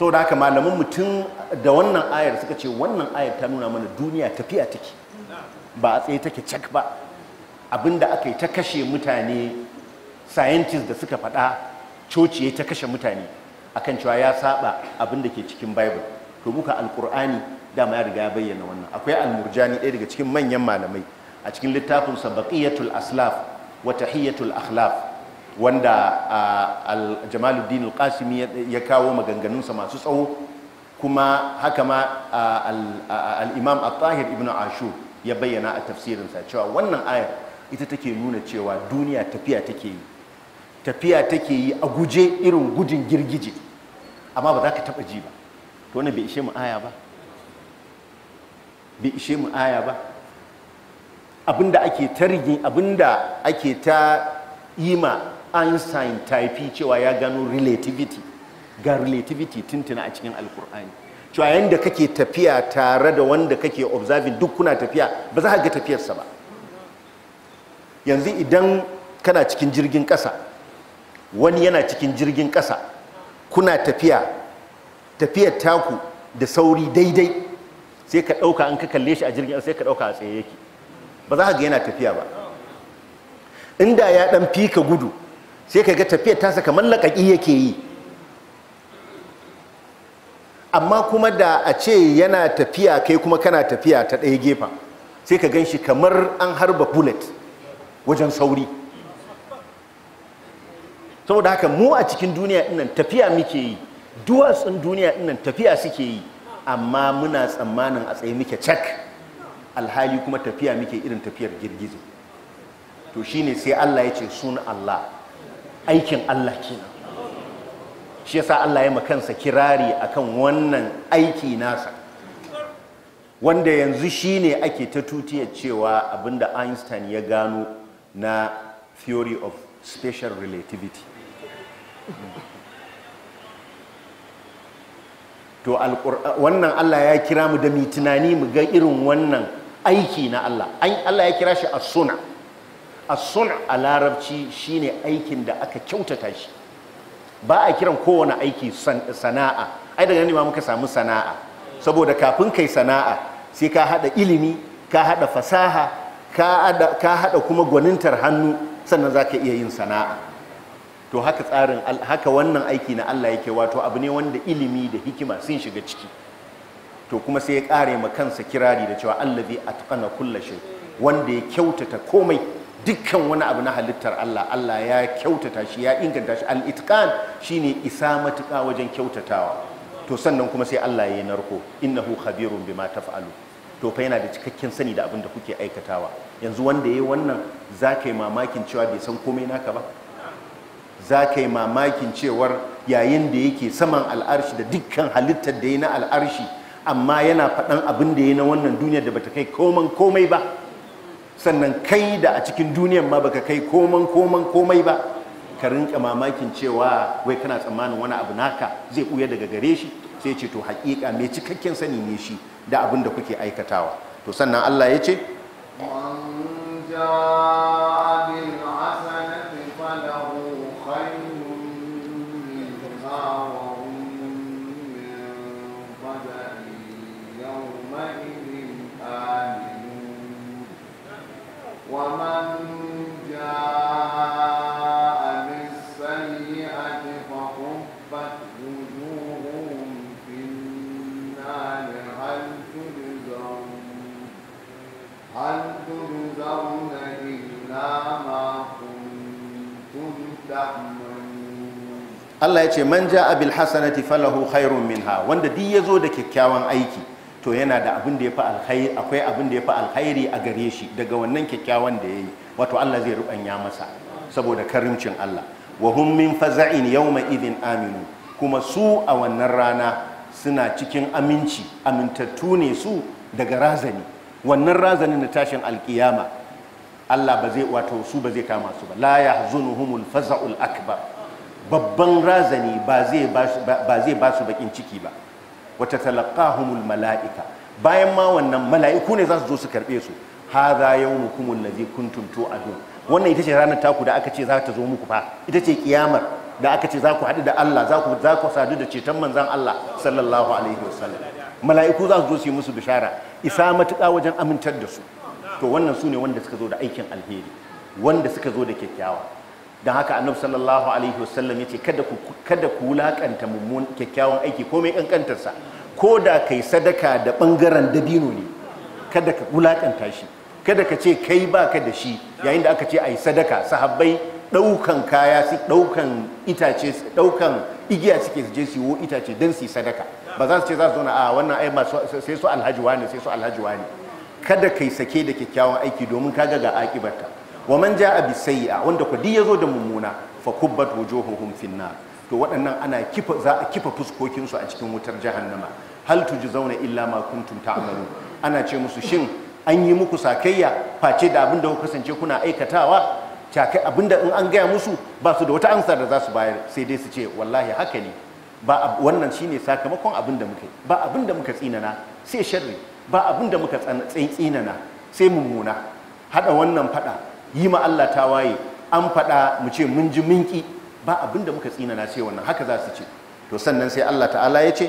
saboda haka malamin mutum da wannan ayar suka ce wannan ayar ta nuna mana duniya tafiya take ba a tsaye take cak ba abinda aka yi ta kashe mutane scientists da suka faɗa coci ta kashe mutane akan cewa ya saba abinda ke cikin bible to muka alkur'ani dama ya riga ya bayyana wannan akwai almurjani ɗaya daga cikin manyan malamai a cikin littafin sa baqiyatul aslaf wa tahiyatul akhlaq wanda jamaluddin al-qasimi ya kawo maganganunsa masu tsawo kuma haka ma al-imam al-tahir ibn ashur ya bayyana a tafsirinsa cewa wannan ayar ita take nuna cewa duniya tafiya take yi tafiya take yi a guje irin gudun girgije amma ba za ka taba ji ba to wannan bai ishe mu aya ba bai ishe mu aya ba abinda ake ta abinda ake ta yi ma einstein taifi cewa ya gano relativity ga relativity tuntuna a cikin alkur'ani cewa yadda kake tafiya tare da wanda kake observing duk kuna tafiya ba za ka ga tafiyarsa ba yanzu idan kana cikin jirgin ƙasa wani yana cikin jirgin ƙasa kuna tafiya tafiyar taku da sauri daidai sai ka ɗauka an ka kalle shi a jirgin sai ka ɗauka a tsaye yake ba za ka ga yana tafiya ba inda ya ɗan fika gudu sai ka ga tafiyar tasa kamar laƙaƙi yake yi amma kuma da a ce yana tafiya kai kuma kana tafiya ta ɗaya gefa sai ka gan shi kamar an harba bullet wajen sauri saboda haka mu a cikin duniya ɗinnan tafiya muke yi duwatsun duniya ɗinnan tafiya suke yi amma muna tsammanin a tsaye muke cak alhali kuma tafiya muke irin tafiyar girgizo to shine sai allah ya ce sun allah aikin Allah kenan shi yasa Allah ya makansa kirari akan wannan aiki nasa wanda yanzu shine ake ta tutiyar cewa abinda Einstein ya gano na theory of special relativity to wannan Allah ya kira mu da mi tunani mu ga irin wannan aiki na Allah Allah ya kira shi as-sunnah A sun a larabci shine aikin da aka kyautata shi ba a kiran kowane aiki sana'a ai da nan ma muka samu sana'a saboda kafin kai sana'a sai ka hada ilimi ka hada fasaha ka hada kuma gwanintar hannu sannan zaka iya yin sana'a to haka tsarin haka wannan aiki na Allah yake wato abu ne wanda ilimi da hikima sun shiga ciki to kuma sai ya kare ma kansa kirari da cewa allazi atqana kulli shi wanda ya kyautata komai dukkan wani abu na halittar Allah Allah ya kyautata shi ya inganta shi al shi ne isa matuƙa wajen kyautatawa to sannan kuma sai Allah ya yi narko innahu khabirun bima taf'alu to fa yana da cikakken sani da abin da kuke aikatawa yanzu wanda ya yi wannan zaka yi mamakin cewa bai san komai naka ba zaka yi mamakin cewar yayin da yake saman al'arshi da dukkan halittar da yayi na al'arshi amma yana faɗan abin da yayi na wannan duniyar da bata kai komai ba sannan kai da a cikin duniyan ma baka kai koman koman komai ba ka rinka mamakin cewa wai kana tsammanin wani abu naka zai buya daga gare shi sai ce to haƙiƙa mai cikakken sani ne shi da abin da kuke aikatawa to sannan Allah ya ce Allah ya ce man ja'a bil hasanati falahu khairun minha wanda duk yazo da kyakkyawan aiki to yana da abin da ya fi alkhairi akwai abin da ya fi alkhairi a gare shi daga wannan kyakkyawan da ya yi wato Allah zai rubanya masa saboda karimcin Allah wa hum min faza'in yawma idhin aminu kuma su a wannan rana suna cikin aminci amintattu ne su daga razani wannan razani na tashin alkiyama Allah ba zai wato su ba zai kama su ba la yahzunuhumul faza'ul akbar babban razani ba zai ba su bakin ciki ba wata talaqahumul mala'ika bayan ma wannan mala'iku ne za su zo su karɓe su hadha kun tuntu a tu'adun wannan ita ce ranar taku da aka ce za ta zo muku fa ita ce kiyamar da aka ce za ku haɗu da Allah za ku sadu da ceton manzon Allah sallallahu alaihi wasallam mala'iku za su zo su yi musu bishara isa matuƙa wajen amintar da su to wannan su ne wanda suka zo da aikin alheri wanda suka zo da kyakkyawa don haka annabi sallallahu alaihi wasallam ya ce kada ku kada ku mummun kyakkyawan aiki komai ƙanƙantarsa. ko da kai sadaka da ɓangaren dabino ne kada ka wulaƙanta shi kada ka ce kai ba ka da shi yayin da aka ce a yi sadaka sahabbai ɗaukan kaya su ɗaukan itace ɗaukan igiya suke su je su yiwo itace don su yi sadaka ba za su ce za su zauna a wannan ai masu sai su alhajiwa ne sai su alhajiwa ne. kada kai sake da kyakkyawan aiki domin kaga ga akibarta wa man ja ja'a bisayyi'a wanda ku ya zo da mummuna fa kubbat wujuhuhum finna. to waɗannan ana kifa za a kifa fuskokinsu a cikin wutar jahannama hal zauna illa ma kuntum ta'malu ana ce musu shin an yi muku sakayya face da abin da kuka kasance kuna aikatawa take abin in an gaya musu ba su da wata amsar da za su bayar sai dai su ce wallahi haka ne ba wannan shine sakamakon abin da muka ba abin da muka tsinana sai sharri ba abin da muka tsinana sai mummuna hada wannan fada yi ma Allah ta waye an fada mu ce mun ji minki ba abin da muka tsinana sai wannan haka za su ce to sannan sai Allah ta'ala ya ce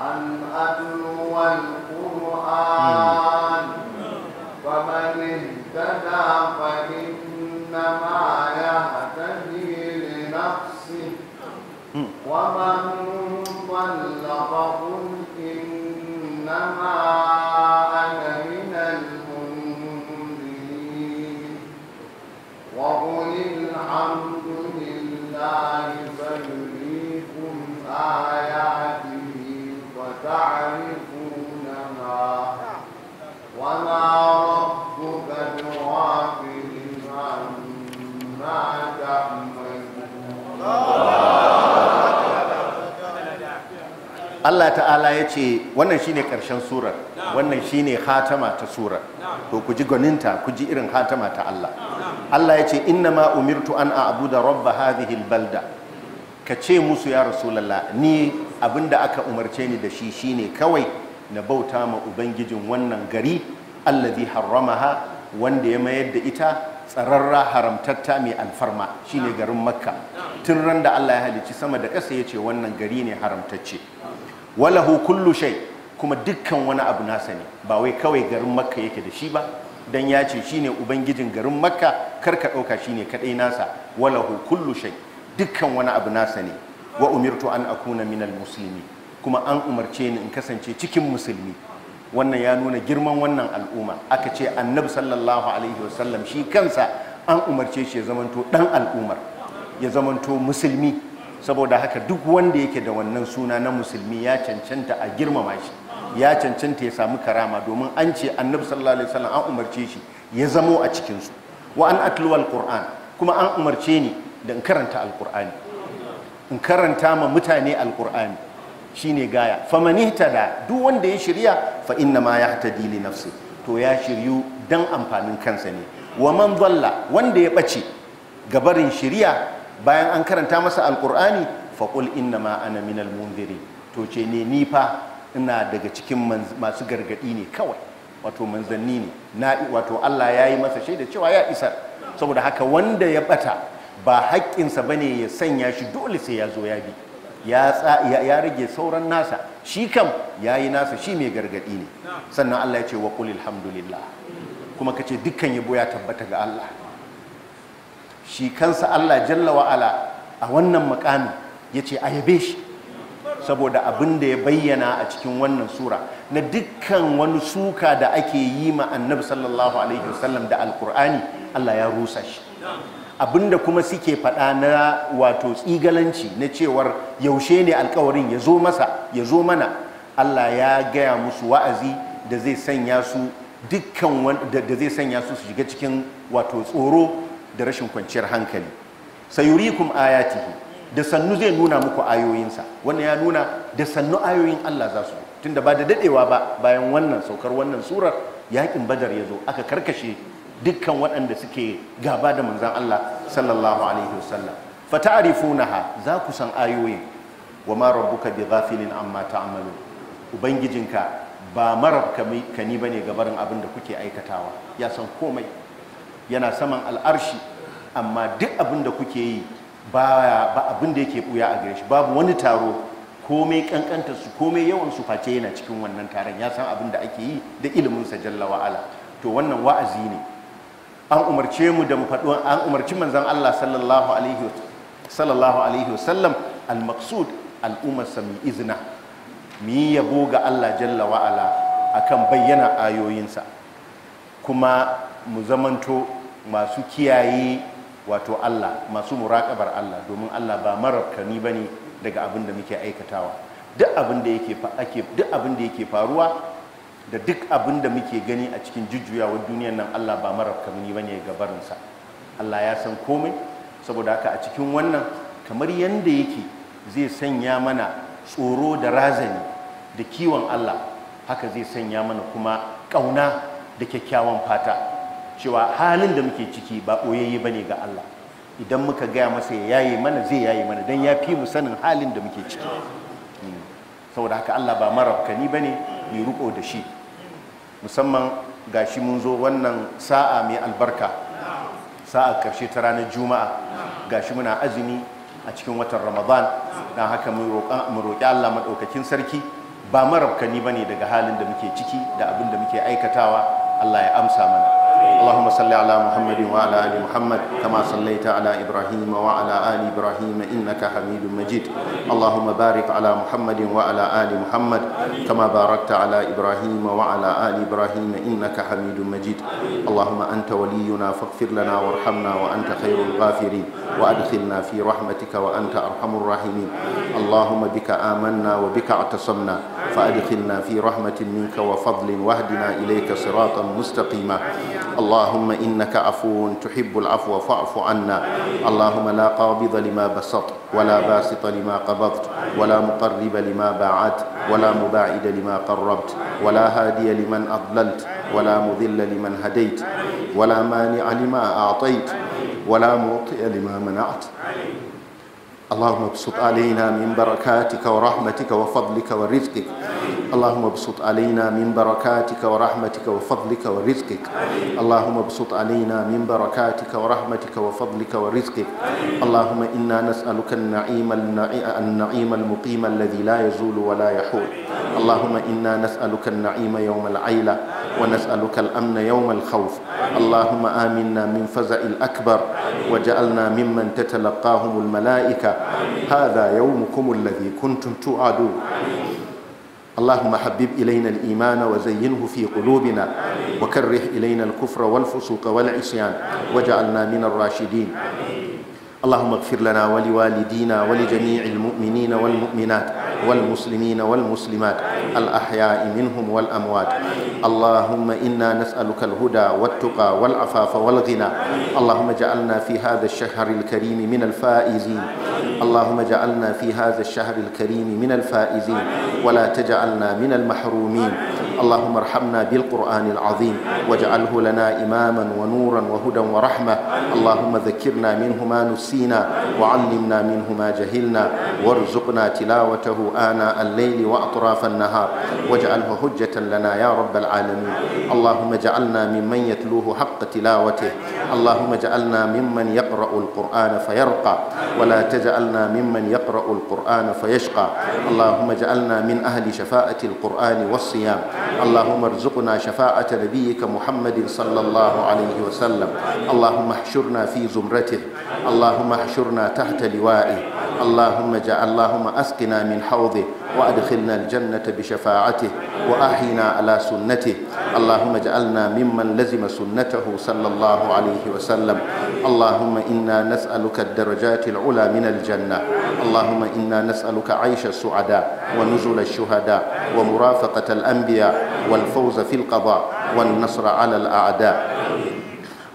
أن أتلو القرآن فمن اهتدى فإنما Allah ta'ala ya ce wannan shi ne ƙarshen surar wannan shi ne hatama ta surar to ku ji gwaninta ku ji irin hatama ta Allah Allah ya ce inna ma umirtu an a'buda rabba hadhihi balda ka ce musu ya rasu rasulullah ni abinda aka umarce ni da shi shine kawai na bauta ma ubangijin wannan gari allazi harramaha wanda ya mayar da ita tsararra haramtatta mai alfarma shine garin makka tun ran da allah ya halicci sama da ƙasa ya ce wannan gari ne haramtacce walahu kullu shay kuma dukkan wani abu nasa ne ba wai kawai garin makka yake da shi ba dan ya ce shine ubangijin garin makka kar ka dauka shine kadai nasa walahu kullu shay dukkan wani abu nasa ne wa umirtu an akuna minal muslimi kuma an umarce ni in kasance cikin musulmi wannan ya nuna girman wannan al'umma aka ce annabi sallallahu alaihi wasallam shi kansa an umarce shi ya zamanto dan al'ummar ya zamanto musulmi saboda haka duk wanda yake da wannan suna na musulmi ya cancanta a girmama shi ya cancanta ya samu karama domin an ce annabi sallallahu alaihi wasallam an umarce shi ya zamo a cikin su wa an atlu alquran kuma an umarce ni da in karanta alqurani in karanta ma mutane alqurani shine gaya faman da duk wanda ya shirya fa inna ma yahtadi li nafsi to ya shiryu dan amfanin kansa ne wa man dalla wanda ya bace gabarin shirya bayan an karanta masa alkur'ani faƙul inna ma ana min munziri to ce ne ni fa ina daga cikin masu gargaɗi ne kawai wato manzanni ne wato Allah ya yi masa shaida cewa ya isar saboda haka wanda ya bata ba haƙƙinsa ba ne ya sanya shi dole sai ya zo ya bi ya rage sauran nasa shi kam ya yi nasa shi mai gargaɗi ne sannan Allah ya ce wa alhamdulillah kuma ka ce dukkan yabo ya tabbata ga Allah shi kansa Allah jalla wa'ala a wannan mukamin ya ce a yabe shi saboda abin da ya bayyana a cikin wannan sura na dukkan wani suka da ake yi ma annabi sallallahu alaihi wasallam da alkur'ani Allah ya rusa shi abin da kuma suke faɗa na wato tsigalanci na cewar yaushe ne alkawarin ya zo masa ya zo mana Allah ya gaya musu wa'azi da zai sanya su dukkan da zai sanya su su shiga cikin wato tsoro da rashin kwanciyar hankali sayurikum ayatihi da sannu zai nuna muku ayoyinsa wannan ya nuna da sannu ayoyin Allah za su tunda ba da dadewa ba bayan wannan saukar wannan surar yakin badar ya zo aka karkashe dukkan waɗanda suke gaba da manzan Allah sallallahu alaihi wasallam fata'rifunaha za ku san ayoyin wa ma rabbuka bighafilin amma ta'malun ubangijinka ba marar kani bane gabarin abin da kuke aikatawa ya san komai yana saman al'arshi amma duk abin da kuke yi ba abin da yake buya a gare shi babu wani taro komai kankanta su komai yawan su face yana cikin wannan taron ya san abin da ake yi da ilimin sa jalla wa'ala to wannan wa'azi ne an umarce mu da mu an umarci manzon Allah sallallahu alaihi sallallahu alaihi wasallam al-maqsud al'ummar sami izina mi yabo ga Allah jalla wa'ala akan bayyana ayoyinsa kuma mu zamanto masu kiyaye wato Allah masu muraƙabar Allah domin Allah ba marakani ba ne daga abin da muke aikatawa duk abin da yake faruwa da duk abin da muke gani a cikin jujjuyawar duniyar nan Allah ba marakani ba ne ga barinsa Allah ya san komai saboda haka a cikin wannan kamar yanda yake zai sanya mana tsoro da razani da kiwon Allah haka zai sanya mana kuma ƙauna da kyakkyawan fata cewa halin da muke ciki ba ɓoyayye ba ne ga Allah idan muka gaya masa ya yaye mana zai yaye mana don ya fi mu sanin halin da muke ciki hmm. saboda haka Allah ba marafkani ba ne mai ruko da shi musamman ga shi mun zo wannan sa'a mai albarka sa'a karshe ta ranar juma'a ga shi muna azumi a cikin watan ramadan don haka mu roƙi Allah maɗaukakin sarki ba marafkani ba ne daga halin da muke ciki da abin da muke aikatawa Allah ya amsa mana اللهم صل على محمد وعلى ال محمد كما صليت على ابراهيم وعلى ال ابراهيم انك حميد مجيد اللهم بارك على محمد وعلى ال محمد كما باركت على ابراهيم وعلى ال ابراهيم انك حميد مجيد اللهم انت ولينا فاغفر لنا وارحمنا وانت خير الغافرين وادخلنا في رحمتك وانت ارحم الراحمين اللهم بك امنا وبك اعتصمنا فادخلنا في رحمه منك وفضل واهدنا اليك صراطا مستقيما اللهم إنك عفو تحب العفو فاعف عنا اللهم لا قابض لما بسطت ولا باسط لما قبضت ولا مقرب لما باعدت ولا مباعد لما قربت ولا هادي لمن أضللت ولا مذل لمن هديت ولا مانع لما أعطيت ولا معطي لما منعت اللهم ابسط علينا من بركاتك ورحمتك وفضلك ورزقك اللهم ابسط علينا من بركاتك ورحمتك وفضلك ورزقك اللهم ابسط علينا من بركاتك ورحمتك وفضلك ورزقك اللهم إنا نسألك النعيم النعيم المقيم الذي لا يزول ولا يحول اللهم إنا نسألك النعيم يوم العيلة ونسألك الأمن يوم الخوف اللهم آمنا من فزع الأكبر وجعلنا ممن تتلقاهم الملائكة هذا يومكم الذي كنتم توعدون اللهم حبب إلينا الإيمان وزينه في قلوبنا وكره إلينا الكفر والفسوق والعصيان وجعلنا من الراشدين اللهم اغفر لنا ولوالدينا ولجميع المؤمنين والمؤمنات والمسلمين والمسلمات الأحياء منهم والأموات اللهم إنا نسألك الهدى والتقى والعفاف والغنى اللهم اجعلنا في هذا الشهر الكريم من الفائزين اللهم اجعلنا في هذا الشهر الكريم من الفائزين ولا تجعلنا من المحرومين اللهم ارحمنا بالقرآن العظيم واجعله لنا إماما ونورا وهدى ورحمة اللهم ذكرنا منه ما نسينا وعلمنا منه ما جهلنا وارزقنا تلاوته آناء الليل وأطراف النهار واجعله حجة لنا يا رب العالمين اللهم اجعلنا ممن يتلوه حق تلاوته اللهم اجعلنا ممن يقرأ القرآن فيرقى ولا تجعلنا ممن يقرأ يقرأ القرآن فيشقى اللهم اجعلنا من أهل شفاعة القرآن والصيام اللهم ارزقنا شفاعة نبيك محمد صلى الله عليه وسلم اللهم احشرنا في زمرته اللهم احشرنا تحت لوائه اللهم اجعل اللهم أسقنا من حوضه وأدخلنا الجنة بشفاعته وأحينا على سنته اللهم اجعلنا ممن لزم سنته صلى الله عليه وسلم اللهم إنا نسألك الدرجات العلى من الجنة اللهم إنا نسألك عيش السعداء ونزل الشهداء ومرافقة الأنبياء والفوز في القضاء والنصر على الأعداء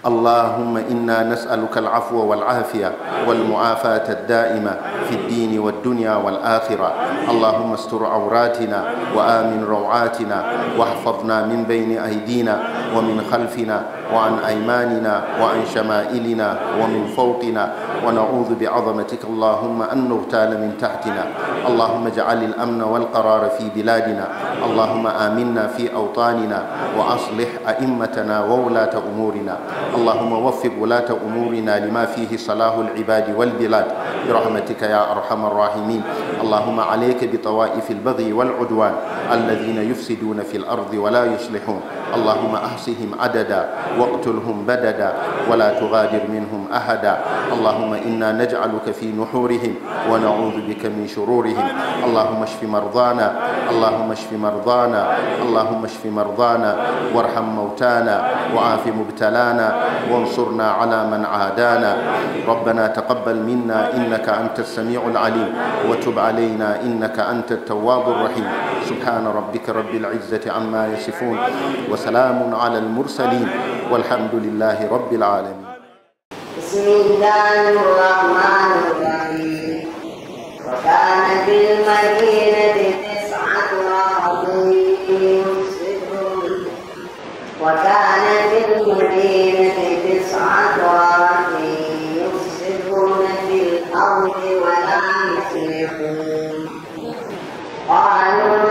اللهم إنا نسألك العفو والعافية والمعافاة الدائمة في الدين والدنيا والآخرة اللهم استر عوراتنا وآمن روعاتنا واحفظنا من بين أيدينا ومن خلفنا وعن أيماننا وعن شمائلنا ومن فوقنا ونعوذ بعظمتك اللهم أن نغتال من تحتنا اللهم اجعل الأمن والقرار في بلادنا اللهم آمنا في أوطاننا وأصلح أئمتنا وولاة أمورنا اللهم وفق ولاة أمورنا لما فيه صلاح العباد والبلاد برحمتك يا أرحم الراحمين اللهم عليك بطوائف البغي والعدوان الذين يفسدون في الأرض ولا يصلحون اللهم أحصهم عددا واقتلهم بددا ولا تغادر منهم أحدا اللهم إنا نجعلك في نحورهم ونعوذ بك من شرورهم اللهم اشف مرضانا اللهم اشف مرضانا اللهم اشف مرضانا وارحم موتانا وعاف مبتلانا وانصرنا على من عادانا ربنا تقبل منا إنك أنت السميع العليم وتب علينا إنك أنت التواب الرحيم سبحان ربك رب العزة عما يصفون وسلام على المرسلين والحمد لله رب العالمين بسم الله الرحمن الرحيم وكان في المدينة تسعة أقويم وكان في المدينة تسعة رهطين يفسدون في الأرض ولا يصلحون قالوا